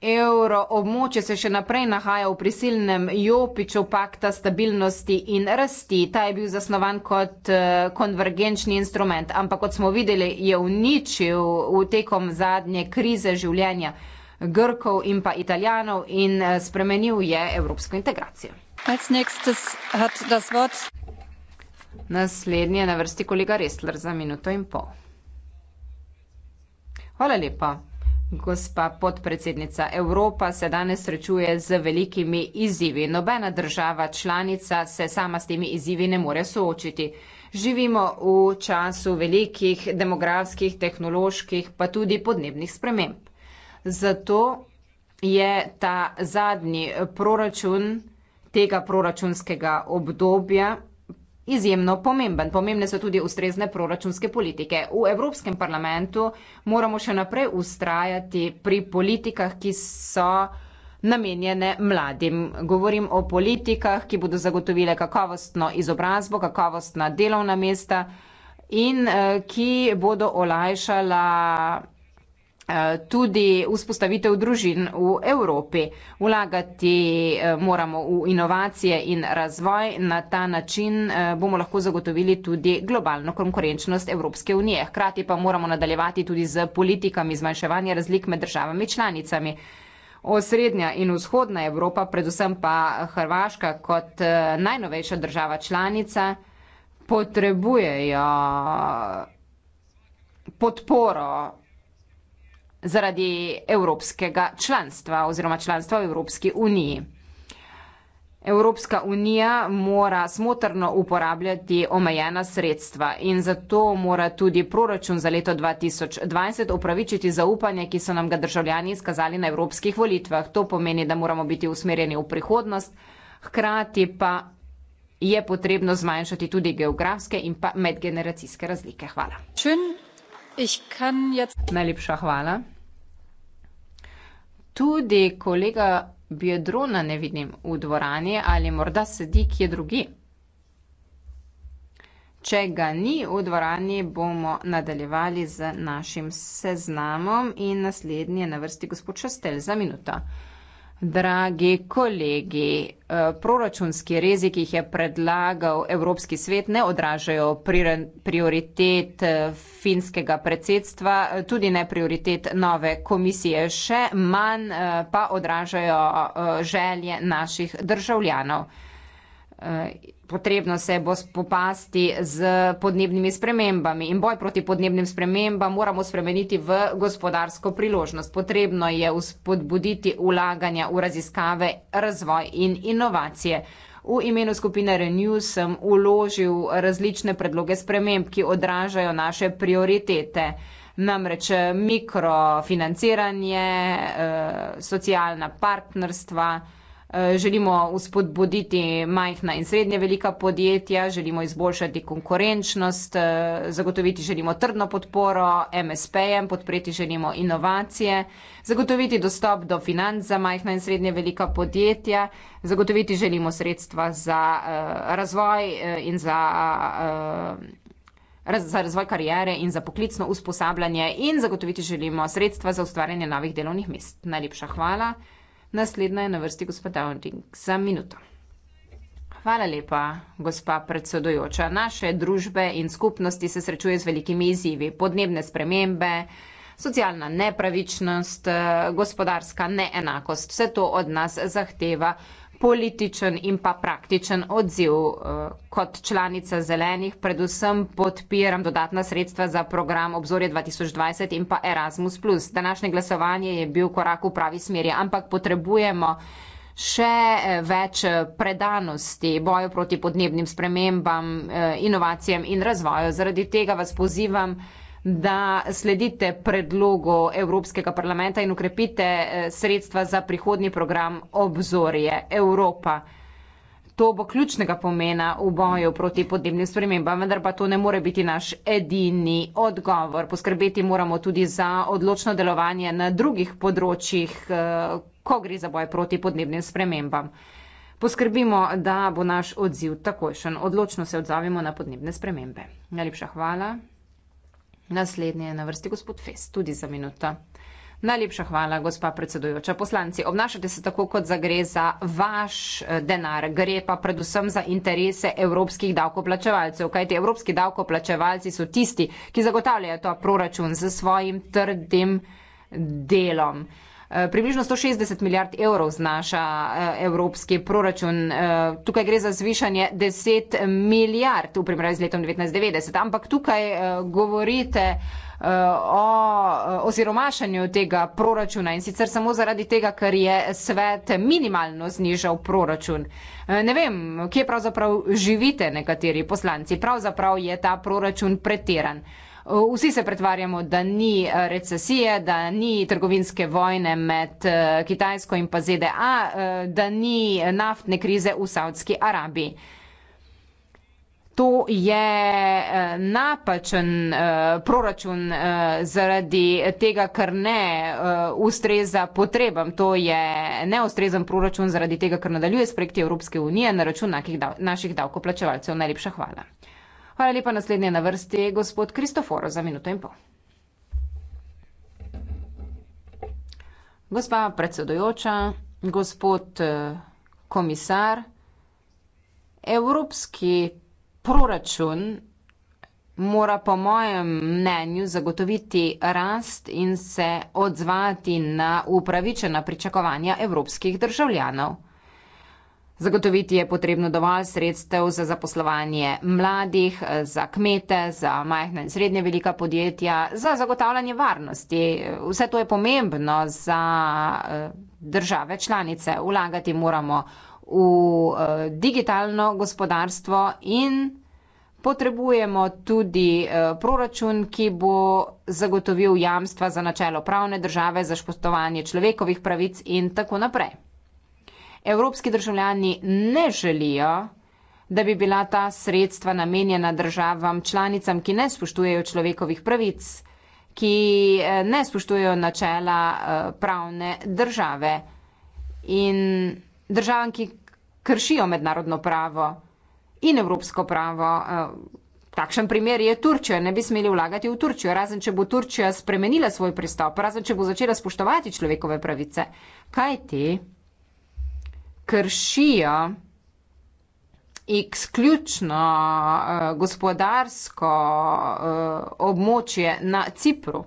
Evro območje se še naprej nahaja v prisilnem jopiču pakta stabilnosti in rasti. Ta je bil zasnovan kot eh, konvergenčni instrument, ampak kot smo videli, je uničil v tekom zadnje krize življenja Grkov in pa Italijanov in eh, spremenil je evropsko integracijo. Naslednji je na vrsti kolega Restler za minuto in pol. Hvala lepa. Gospa podpredsednica, Evropa se danes srečuje z velikimi izzivi. Nobena država članica se sama s temi izzivi ne more soočiti. Živimo v času velikih demografskih, tehnoloških, pa tudi podnebnih sprememb. Zato je ta zadnji proračun tega proračunskega obdobja izjemno pomemben. Pomembne so tudi ustrezne proračunske politike. V Evropskem parlamentu moramo še naprej ustrajati pri politikah, ki so namenjene mladim. Govorim o politikah, ki bodo zagotovile kakovostno izobrazbo, kakovostna delovna mesta in eh, ki bodo olajšala tudi vzpostavitev družin v Evropi. Vlagati eh, moramo v inovacije in razvoj, na ta način eh, bomo lahko zagotovili tudi globalno konkurenčnost Evropske unije. Hkrati pa moramo nadaljevati tudi z politikami zmanjševanja razlik med državami članicami. Osrednja in vzhodna Evropa, predvsem pa Hrvaška kot eh, najnovejša država članica, potrebujejo podporo zaradi evropskega članstva oziroma članstva v Evropski uniji. Evropska unija mora smotrno uporabljati omejena sredstva in zato mora tudi proračun za leto 2020 upravičiti zaupanje, ki so nam ga državljani izkazali na evropskih volitvah. To pomeni, da moramo biti usmerjeni v prihodnost, hkrati pa je potrebno zmanjšati tudi geografske in pa medgeneracijske razlike. Hvala. Najlepša hvala tudi kolega Biedrona ne vidim v dvorani ali morda sedi kje drugi. Če ga ni v dvorani, bomo nadaljevali z našim seznamom in naslednji je na vrsti gospod Šestel za minuto. Dragi kolegi, eh, proračunski rezi, ki jih je predlagal Evropski svet, ne odražajo prioritet eh, finskega predsedstva, eh, tudi ne prioritet nove komisije, še manj pa odražajo želje naših državljanov. Eh, potrebno se bo spopasti z podnebnimi spremembami in boj proti podnebnim spremembam moramo spremeniti v gospodarsko priložnost. Potrebno je uspodbuditi ulaganja v raziskave, razvoj in inovacije. V imenu skupine Renew sem uložil različne predloge sprememb, ki odražajo naše prioritete. Namreč eh, mikrofinanciranje, eh, socialna partnerstva, Eh, želimo uspodbuditi majhna in srednje velika podjetja, želimo izboljšati konkurenčnost, eh, zagotoviti želimo trdno podporo MSP-jem, podpreti želimo inovacije, zagotoviti dostop do financ za majhna in srednje velika podjetja, zagotoviti želimo sredstva za eh, razvoj in za za razvoj karijere in za poklicno usposabljanje in zagotoviti želimo sredstva za ustvarjanje novih delovnih mest. Najlepša hvala. Naslednja je na vrsti gospod Downing za minuto. Hvala lepa, gospa predsedojoča. Naše družbe in skupnosti se srečuje z velikimi izzivi. Podnebne spremembe, socialna nepravičnost, gospodarska neenakost. Vse to od nas zahteva političen in pa praktičen odziv. Eh, kot članica zelenih predvsem podpiram dodatna sredstva za program obzorje 2020 in pa Erasmus. Današnje glasovanje je bil korak v pravi smeri, ampak potrebujemo še eh, več eh, predanosti boju proti podnebnim spremembam, inovacijam in razvoju. Zaradi tega vas pozivam, da sledite predlogu Evropskega parlamenta in ukrepite eh, sredstva za prihodni program Obzorje Evropa. To bo ključnega pomena v boju proti podnebnim spremembam, vendar pa to ne more biti naš edini odgovor. Poskrbeti moramo tudi za odločno delovanje na drugih področjih, eh, ko gre za boj proti podnebnim spremembam. Poskrbimo, da bo naš odziv takojšen. Odločno se odzovemo na podnebne spremembe. Najlepša hvala. Naslednji je na vrsti gospod Fes, tudi za minuto. Najlepša hvala, gospa predsedujoča. Poslanci, obnašate se tako, kot za gre za vaš eh, denar. Gre pa predvsem za interese evropskih davkoplačevalcev, kajti evropski davkoplačevalci so tisti, ki zagotavljajo ta proračun z svojim trdim delom. Eh, približno 160 milijard evrov znaša eh, evropski proračun. Eh, tukaj gre za zvišanje 10 milijard v primerjavi z letom 1990. Ampak tukaj govorite o oziromašanju tega proračuna in sicer samo zaradi tega, ker je svet minimalno znižal proračun. Ne vem, kje pravzaprav živite nekateri poslanci. Pravzaprav je ta proračun pretiran. Vsi se pretvarjamo, da ni eh, recesije, da ni trgovinske vojne med eh, Kitajsko in pa ZDA, eh, da ni naftne krize v Saudski Arabiji. To je napačen proračun zaradi tega, ker ne ustreza potrebam. To je neustrezen proračun zaradi tega, ker nadaljuje s projekti Evropske unije na račun naših davkoplačevalcev. Najlepša hvala. Hvala lepa, naslednje na vrsti je gospod Kristoforo za minuto in pol. Gospa predsedojoča, gospod eh, komisar, evropski proračun mora po mojem mnenju zagotoviti rast in se odzvati na upravičena pričakovanja evropskih državljanov. Zagotoviti je potrebno dovolj sredstev za zaposlovanje mladih, za kmete, za majhna in srednje velika podjetja, za zagotavljanje varnosti. Vse to je pomembno za eh, države članice. Ulagati moramo v eh, digitalno gospodarstvo in potrebujemo tudi eh, proračun, ki bo zagotovil jamstva za načelo pravne države, za spoštovanje človekovih pravic in tako naprej evropski državljani ne želijo, da bi bila ta sredstva namenjena državam članicam, ki ne spoštujejo človekovih pravic, ki eh, ne spoštujejo načela eh, pravne države in državam, ki kršijo mednarodno pravo in evropsko pravo. Eh, takšen primer je Turčija. Ne bi smeli vlagati v Turčijo, razen če bo Turčija spremenila svoj pristop, razen če bo začela spoštovati človekove pravice. Kaj ti? kršijo izključno uh, eh, gospodarsko uh, območje na Cipru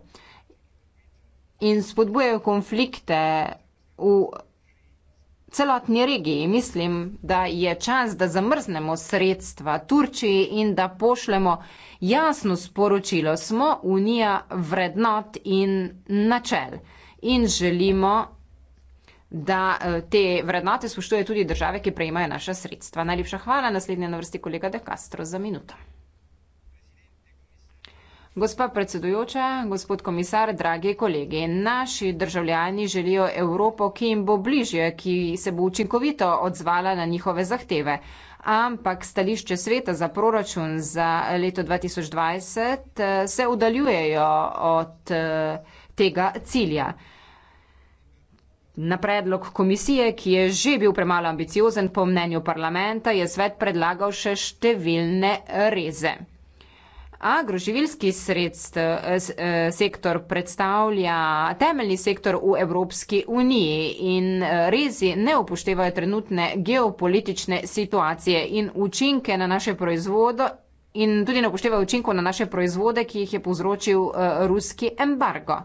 in spodbujajo konflikte v celotni regiji. Mislim, da je čas, da zamrznemo sredstva Turčiji in da pošljemo jasno sporočilo. Smo unija vrednot in načel in želimo da eh, te vrednote spoštuje tudi države, ki prejemajo naša sredstva. Najlepša hvala, naslednja na vrsti kolega De Castro za minuto. Gospa predsedujoča, gospod komisar, dragi kolegi, naši državljani želijo Evropo, ki jim bo bližje, ki se bo učinkovito odzvala na njihove zahteve. Ampak stališče sveta za proračun za leto 2020 eh, se udaljujejo od eh, tega cilja. Na predlog komisije, ki je že bil premalo ambiciozen po mnenju parlamenta, je svet predlagal še številne reze. Agroživilski sredst, eh, sektor predstavlja temeljni sektor v Evropski uniji in eh, rezi ne upoštevajo trenutne geopolitične situacije in učinke na naše proizvode in tudi ne upoštevajo učinkov na naše proizvode, ki jih je povzročil eh, ruski embargo.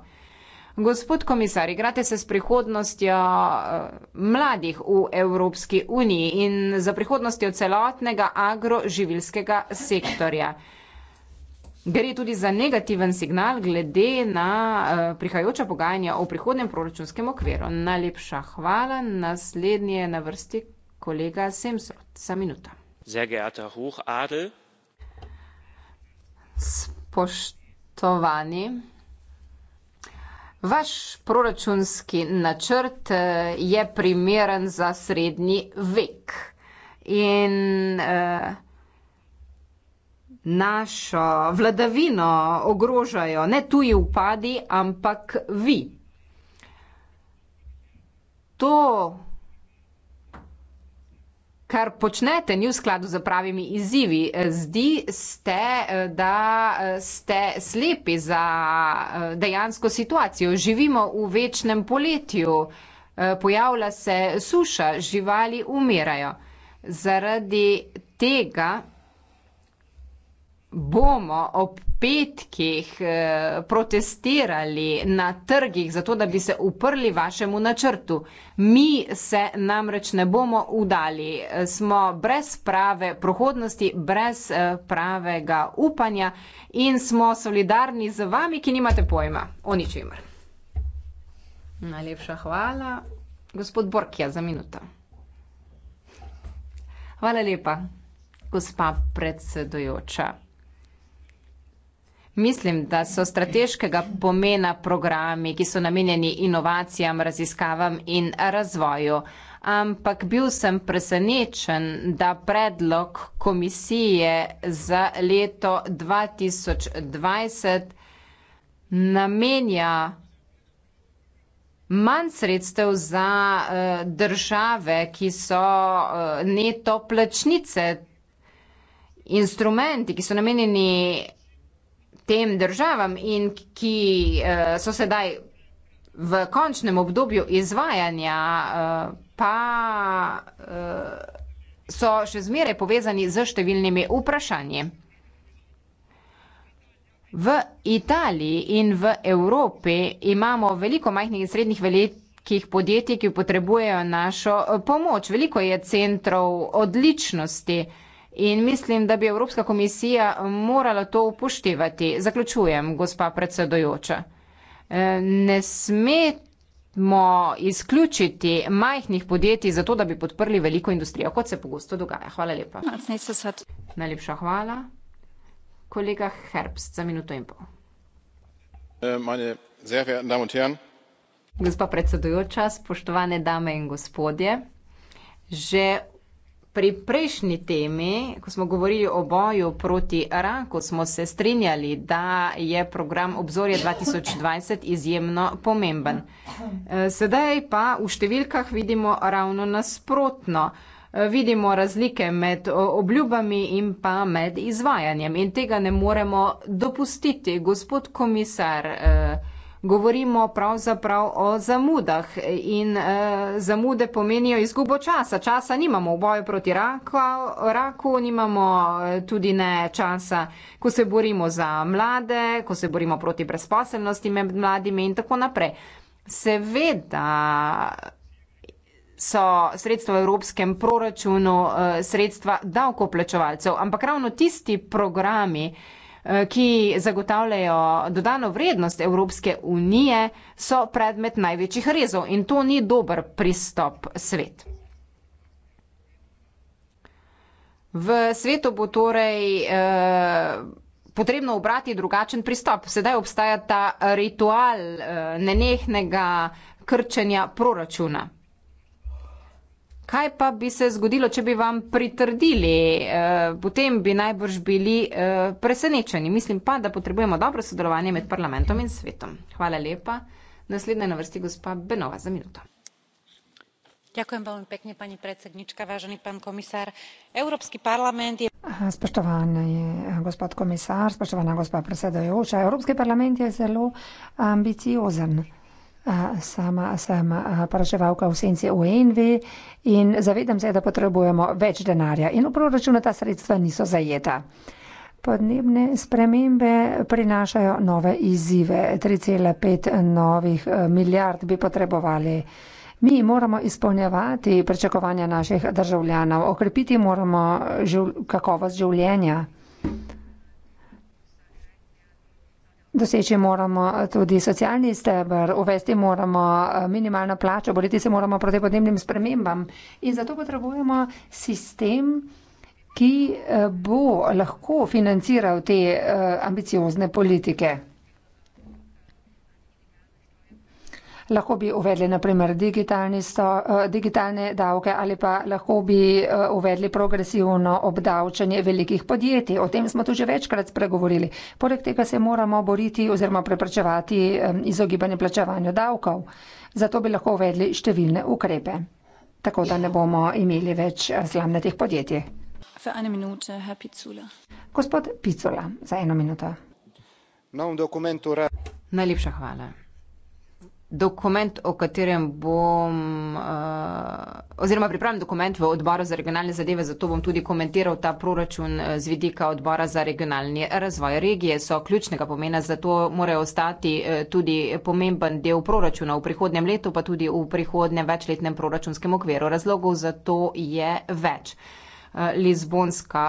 Gospod komisar, igrate se s prihodnostjo eh, mladih v Evropski uniji in za prihodnostjo celotnega agroživilskega sektorja. Gre tudi za negativen signal glede na eh, prihajajoča pogajanja o prihodnem proračunskem okviru. Najlepša hvala. Naslednji je na vrsti kolega Semsrot. Za minuta. Spoštovani. Vaš proračunski načrt eh, je primeren za srednji vek in uh, našo vladavino ogrožajo ne tuji upadi, ampak vi. To kar počnete, ni v skladu z pravimi izzivi. Zdi se, eh, da eh, ste slepi za eh, dejansko situacijo. Živimo v večnem poletju, pojavlja se suša, živali umirajo. Zaradi tega bomo ob petkih eh, protestirali na trgih, zato da bi se uprli vašemu načrtu. Mi se namreč ne bomo udali. Smo brez prave prohodnosti, brez eh, pravega upanja in smo solidarni z vami, ki nimate pojma o ničemer. Najlepša hvala. Gospod Borkja, za minuto. Hvala lepa, gospa predsedujoča. Mislim, da so strateškega pomena programi, ki so namenjeni inovacijam, raziskavam in razvoju. Ampak bil sem presenečen, da predlog komisije za leto 2020 namenja manj sredstev za eh, države, ki so eh, neto plačnice, instrumenti, ki so namenjeni tem državam in ki eh, so sedaj v končnem obdobju izvajanja, eh, pa eh, so še zmeraj povezani z številnimi vprašanji. V Italiji in v Evropi imamo veliko majhnih in srednjih velikih podjetij, ki potrebujejo našo pomoč. Veliko je centrov odličnosti. In mislim, da bi Evropska komisija morala to upoštevati. Zaključujem, gospa predsedojoča. E, ne smemo izključiti majhnih podjetij za to, da bi podprli veliko industrijo, kot se pogosto dogaja. Hvala lepa. Najlepša hvala. Kolega Herbst, za minuto in pol. E, gospa predsedujoča, spoštovane dame in gospodje, že Pri prejšnji temi, ko smo govorili o boju proti raku, smo se strinjali, da je program obzorje 2020 izjemno pomemben. E, sedaj pa v številkah vidimo ravno nasprotno. E, vidimo razlike med obljubami in pa med izvajanjem in tega ne moremo dopustiti. Gospod komisar, e, govorimo pravzaprav o zamudah in e, zamude pomenijo izgubo časa. Časa nimamo v boju proti raku, raku nimamo eh, tudi ne časa, ko se borimo za mlade, ko se borimo proti brezposelnosti med mladimi in tako naprej. Seveda so sredstva v evropskem proračunu eh, sredstva davkoplačevalcev, ampak ravno tisti programi, Eh, ki zagotavljajo dodano vrednost Evropske unije, so predmet največjih rezov in to ni dober pristop svet. V svetu bo torej eh, potrebno obrati drugačen pristop. Sedaj obstaja ta ritual eh, nenehnega krčenja proračuna. Kaj pa bi se zgodilo, če bi vam pritrdili? Eh, potem bi najbrž bili eh, presenečeni. Mislim pa, da potrebujemo dobro sodelovanje med parlamentom in svetom. Hvala lepa. Naslednja na vrsti gospa Benova za minuto. Ďakujem veľmi pekne, pani predsednička, vážený pán komisár. Európsky parlament je... Eh, Spoštovani gospod komisár, spoštovana gospa predsedujúča, Európsky parlament je zelo ambiciozen sama, sama praževalka v senci UNV in zavedam se, da potrebujemo več denarja in v proračunu ta sredstva niso zajeta. Podnebne spremembe prinašajo nove izzive. 3,5 novih e, milijard bi potrebovali. Mi moramo izpolnjevati pričakovanja naših državljanov, okrepiti moramo živ kakovost življenja. Doseči moramo eh, tudi socialni stebr, uvesti moramo eh, minimalno plačo, boriti se moramo proti podnebnim spremembam in zato potrebujemo sistem, ki eh, bo lahko financiral te ambiciozne politike. lahko bi uvedli naprimer sto, eh, digitalne davke ali pa lahko bi eh, uvedli progresivno obdavčanje velikih podjetij. O tem smo tu že večkrat spregovorili. Poleg tega se moramo boriti oziroma preprečevati eh, izogibanje plačevanju davkov. Zato bi lahko uvedli številne ukrepe, tako da ne bomo imeli več slamnatih podjetij. Gospod Picula, za eno minuto. Najlepša hvala dokument, o katerem bom, uh, oziroma pripravim dokument v odboru za regionalne zadeve, zato bom tudi komentiral ta proračun eh, z vidika odbora za regionalni razvoj. Regije so ključnega pomena, zato morajo ostati eh, tudi pomemben del proračuna v prihodnem letu, pa tudi v prihodnem večletnem proračunskem okviru. Razlogov za to je več. Lizbonska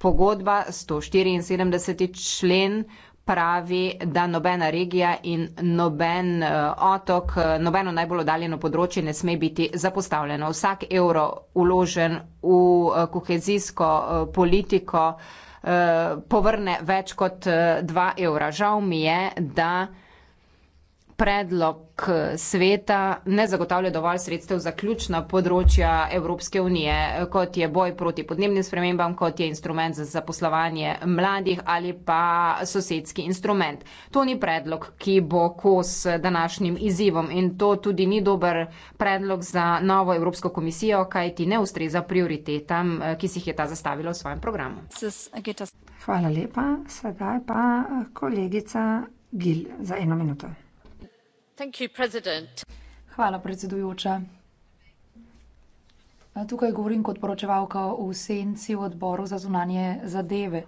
pogodba 174 člen pravi, da nobena regija in noben eh, otok, eh, nobeno najbolj oddaljeno področje ne sme biti zapostavljeno. Vsak evro uložen v eh, kohezijsko politiko povrne več kot 2 evra. Žal mi je, da predlog eh, sveta ne zagotavlja dovolj sredstev za ključna področja Evropske unije, eh, kot je boj proti podnebnim spremembam, kot je instrument za zaposlovanje mladih ali pa sosedski instrument. To ni predlog, ki bo kos današnjim izzivom in to tudi ni dober predlog za novo Evropsko komisijo, kaj ti ne ustreza prioritetam, eh, ki si jih je ta zastavila v svojem programu. Hvala lepa. Sedaj pa kolegica Gil za eno minuto. Hvala, predsedujoča. Tukaj govorim kot poročevalka v senci v odboru za zunanje zadeve.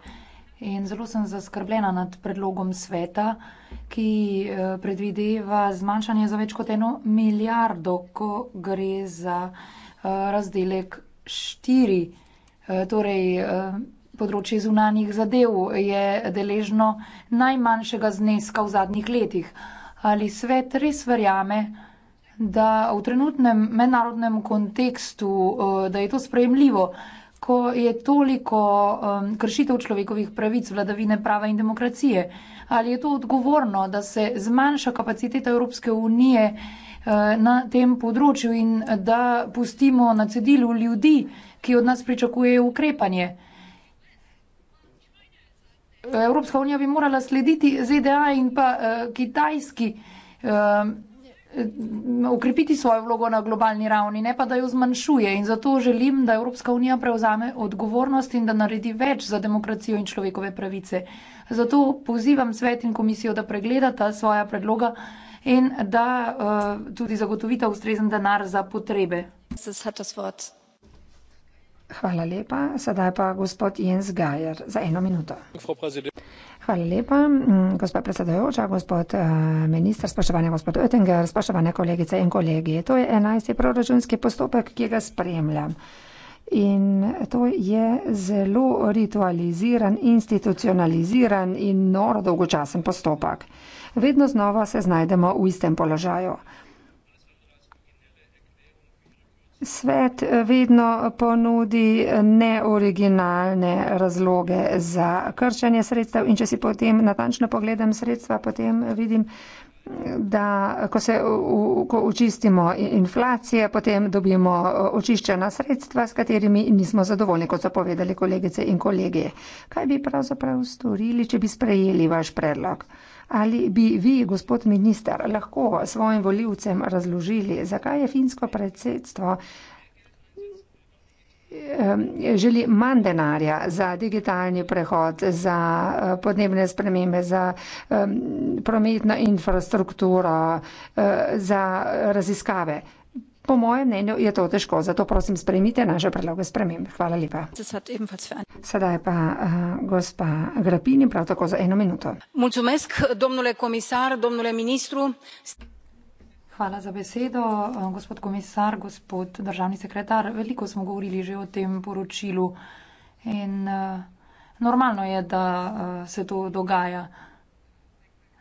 In zelo sem zaskrbljena nad predlogom sveta, ki eh, predvideva zmanjšanje za več kot eno milijardo, ko gre za eh, razdelek štiri. Eh, torej, področje zunanjih zadev je deležno najmanjšega zneska v zadnjih letih ali svet res verjame, da v trenutnem mednarodnem kontekstu, eh, da je to sprejemljivo, ko je toliko eh, kršitev človekovih pravic, vladavine prava in demokracije. Ali je to odgovorno, da se zmanjša kapaciteta Evropske unije eh, na tem področju in da pustimo na cedilu ljudi, ki od nas pričakujejo ukrepanje? Evropska unija bi morala slediti ZDA in pa uh, Kitajski, uh, eh, ukrepiti svojo vlogo na globalni ravni, ne pa da jo zmanjšuje. In zato želim, da Evropska unija prevzame odgovornost in da naredi več za demokracijo in človekove pravice. Zato pozivam svet in komisijo, da pregledata svoja predloga in da uh, tudi zagotovita ustrezen denar za potrebe. Zdaj, Hvala lepa. Sedaj pa gospod Jens Gajer za eno minuto. Hvala lepa, mm, gospod predsedojoča, eh, gospod minister, spoštovane gospod Oettinger, spoštovane kolegice in kolegi. To je enajsti proračunski postopek, ki ga spremljam. In to je zelo ritualiziran, institucionaliziran in noro dolgočasen postopek. Vedno znova se znajdemo v istem položaju. Svet eh, vedno eh, ponudi eh, neoriginalne razloge za krčanje sredstev in če si potem natančno pogledam sredstva, potem vidim, da ko se u, ko očistimo inflacije, potem dobimo očiščena sredstva, s katerimi nismo zadovoljni, kot so povedali kolegice in kolege. Kaj bi pravzaprav storili, če bi sprejeli vaš predlog? Ali bi vi, gospod minister, lahko svojim voljivcem razložili, zakaj je finsko predsedstvo želi manj denarja za digitalni prehod, za eh, podnebne spremembe, za prometno infrastrukturo, eh, za raziskave. Po mojem mnenju je to težko, zato prosim sprejmite naše predloge spremem. Hvala lepa. Sedaj pa uh, gospa Grapini, prav tako za eno minuto. Mulțumesc, domnule komisar, domnule ministru. Hvala za besedo, eh, gospod komisar, gospod državni sekretar. Veliko smo govorili že o tem poročilu in uh, normalno je, da uh, se to dogaja.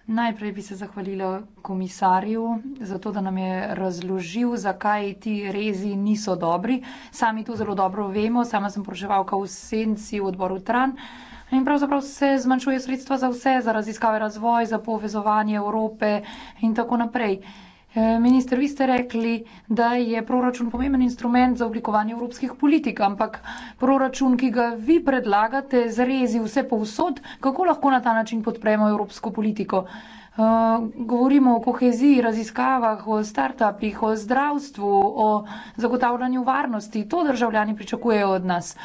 Najprej bi se zahvalila komisarju za to, da nam je razložil, zakaj ti rezi niso dobri. Sami to zelo dobro vemo, sama sem proževalka v senci v odboru Tran. In pravzaprav se zmanjšuje sredstva za vse, za raziskave, razvoj, za povezovanje Evrope in tako naprej. Eh, minister, vi ste rekli, da je proračun pomemben instrument za oblikovanje evropskih politik, ampak proračun, ki ga vi predlagate, zrezi vse povsod, kako lahko na ta način podpremo evropsko politiko? Eh, govorimo o koheziji, raziskavah, o start-upih, o zdravstvu, o zagotavljanju varnosti. To državljani pričakujejo od nas.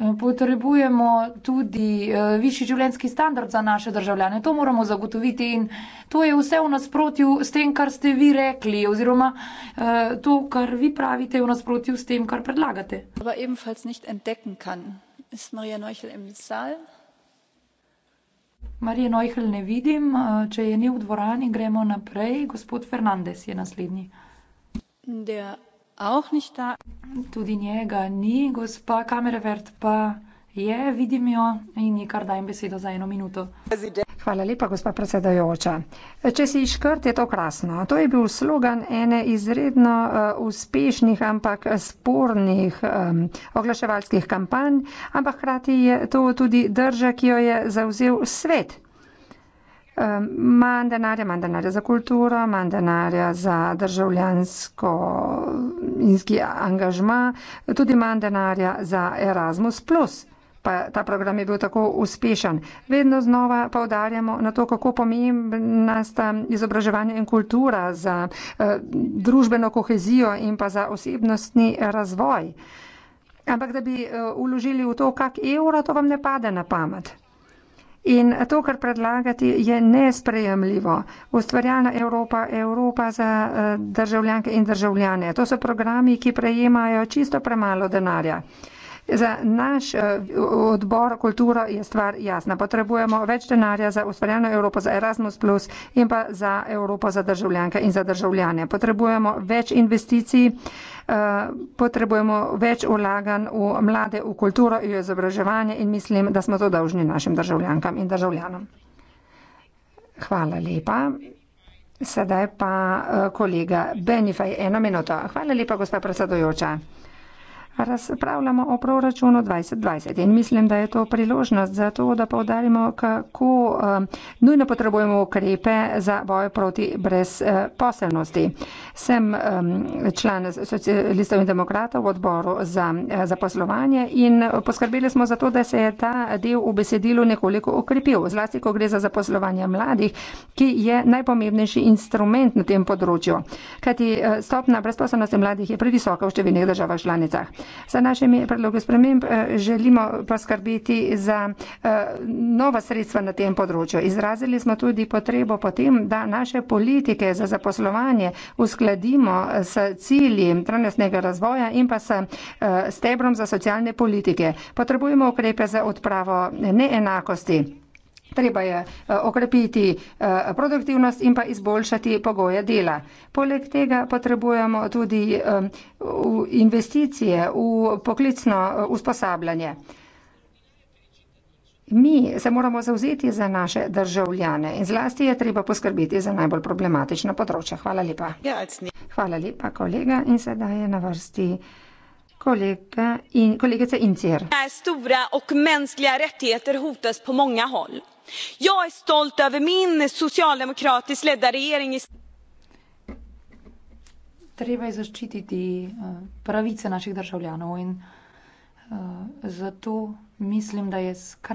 Eh, potrebujemo tudi eh, višji življenski standard za naše državljane, to moramo zagotoviti in to je vse v nasprotju s tem, kar ste vi rekli oziroma eh, to, kar vi pravite, je v nasprotju s tem, kar predlagate. Marije Noichl ne vidim, če je ni v dvorani, gremo naprej. Gospod Fernandez je naslednji. Der auch nicht da. Tudi njega ni, gospa Kamerevert pa je, vidim jo in ji kar dajem besedo za eno minuto. Hvala lepa, gospa predsedajoča. Če si iškrt, je to krasno. To je bil slogan ene izredno uh, uspešnih, ampak spornih um, oglaševalskih kampanj, ampak hkrati je to tudi drža, ki jo je zauzel svet manj denarja, manj denarja za kulturo, manj denarja za državljansko inski angažma, tudi manj denarja za Erasmus. Pa ta program je bil tako uspešen. Vedno znova pa udarjamo na to, kako pomembna sta izobraževanje in kultura za eh, družbeno kohezijo in pa za osebnostni razvoj. Ampak da bi eh, uložili v to, kak evro, to vam ne pade na pamet. In to, kar predlagati, je nesprejemljivo. Ustvarjalna Evropa, Evropa za eh, državljanke in državljane. To so programi, ki prejemajo čisto premalo denarja. Za naš eh, odbor kultura je stvar jasna. Potrebujemo več denarja za ustvarjalno Evropo, za Erasmus, in pa za Evropo za državljanke in za državljane. Potrebujemo več investicij potrebujemo več ulaganj v mlade, v kulturo in v izobraževanje in mislim, da smo to dolžni našim državljankam in državljanom. Hvala lepa. Sedaj pa eh, kolega Benifaj, eno minuto. Hvala lepa, gospa predsedujoča razpravljamo o proračunu 2020 in mislim, da je to priložnost za to, da povdarimo, kako uh, nujno potrebujemo ukrepe za boj proti brezposelnosti. Uh, Sem um, član socialistov in demokratov v odboru za uh, zaposlovanje in poskrbeli smo za to, da se je ta del v besedilu nekoliko okrepil, zlasti, ko gre za zaposlovanje mladih, ki je najpomembnejši instrument na tem področju. Kajti uh, stopna brezposelnosti mladih je previsoka v številnih državah članicah. Za naše predloge sprememb eh, želimo pa skrbeti za eh, nova sredstva na tem področju. Izrazili smo tudi potrebo potem, da naše politike za zaposlovanje uskladimo eh, s cilji trajnostnega razvoja in pa s stebrom za socialne politike. Potrebujemo ukrepe za odpravo neenakosti. Treba je eh, okrepiti eh, produktivnost in pa izboljšati pogoje dela. Poleg tega potrebujemo tudi eh, investicije v poklicno usposabljanje. Mi se moramo zauzeti za naše državljane in zlasti je treba poskrbeti za najbolj problematična področja. Hvala lepa. Ja, Hvala lepa, kolega. In sedaj je na vrsti kolega in kolegica Incir. Jag är stolt över min socialdemokratiskt ledda regering. Treba je zaščititi eh, pravice naših državljanov in eh, zato mislim, da je skrajno.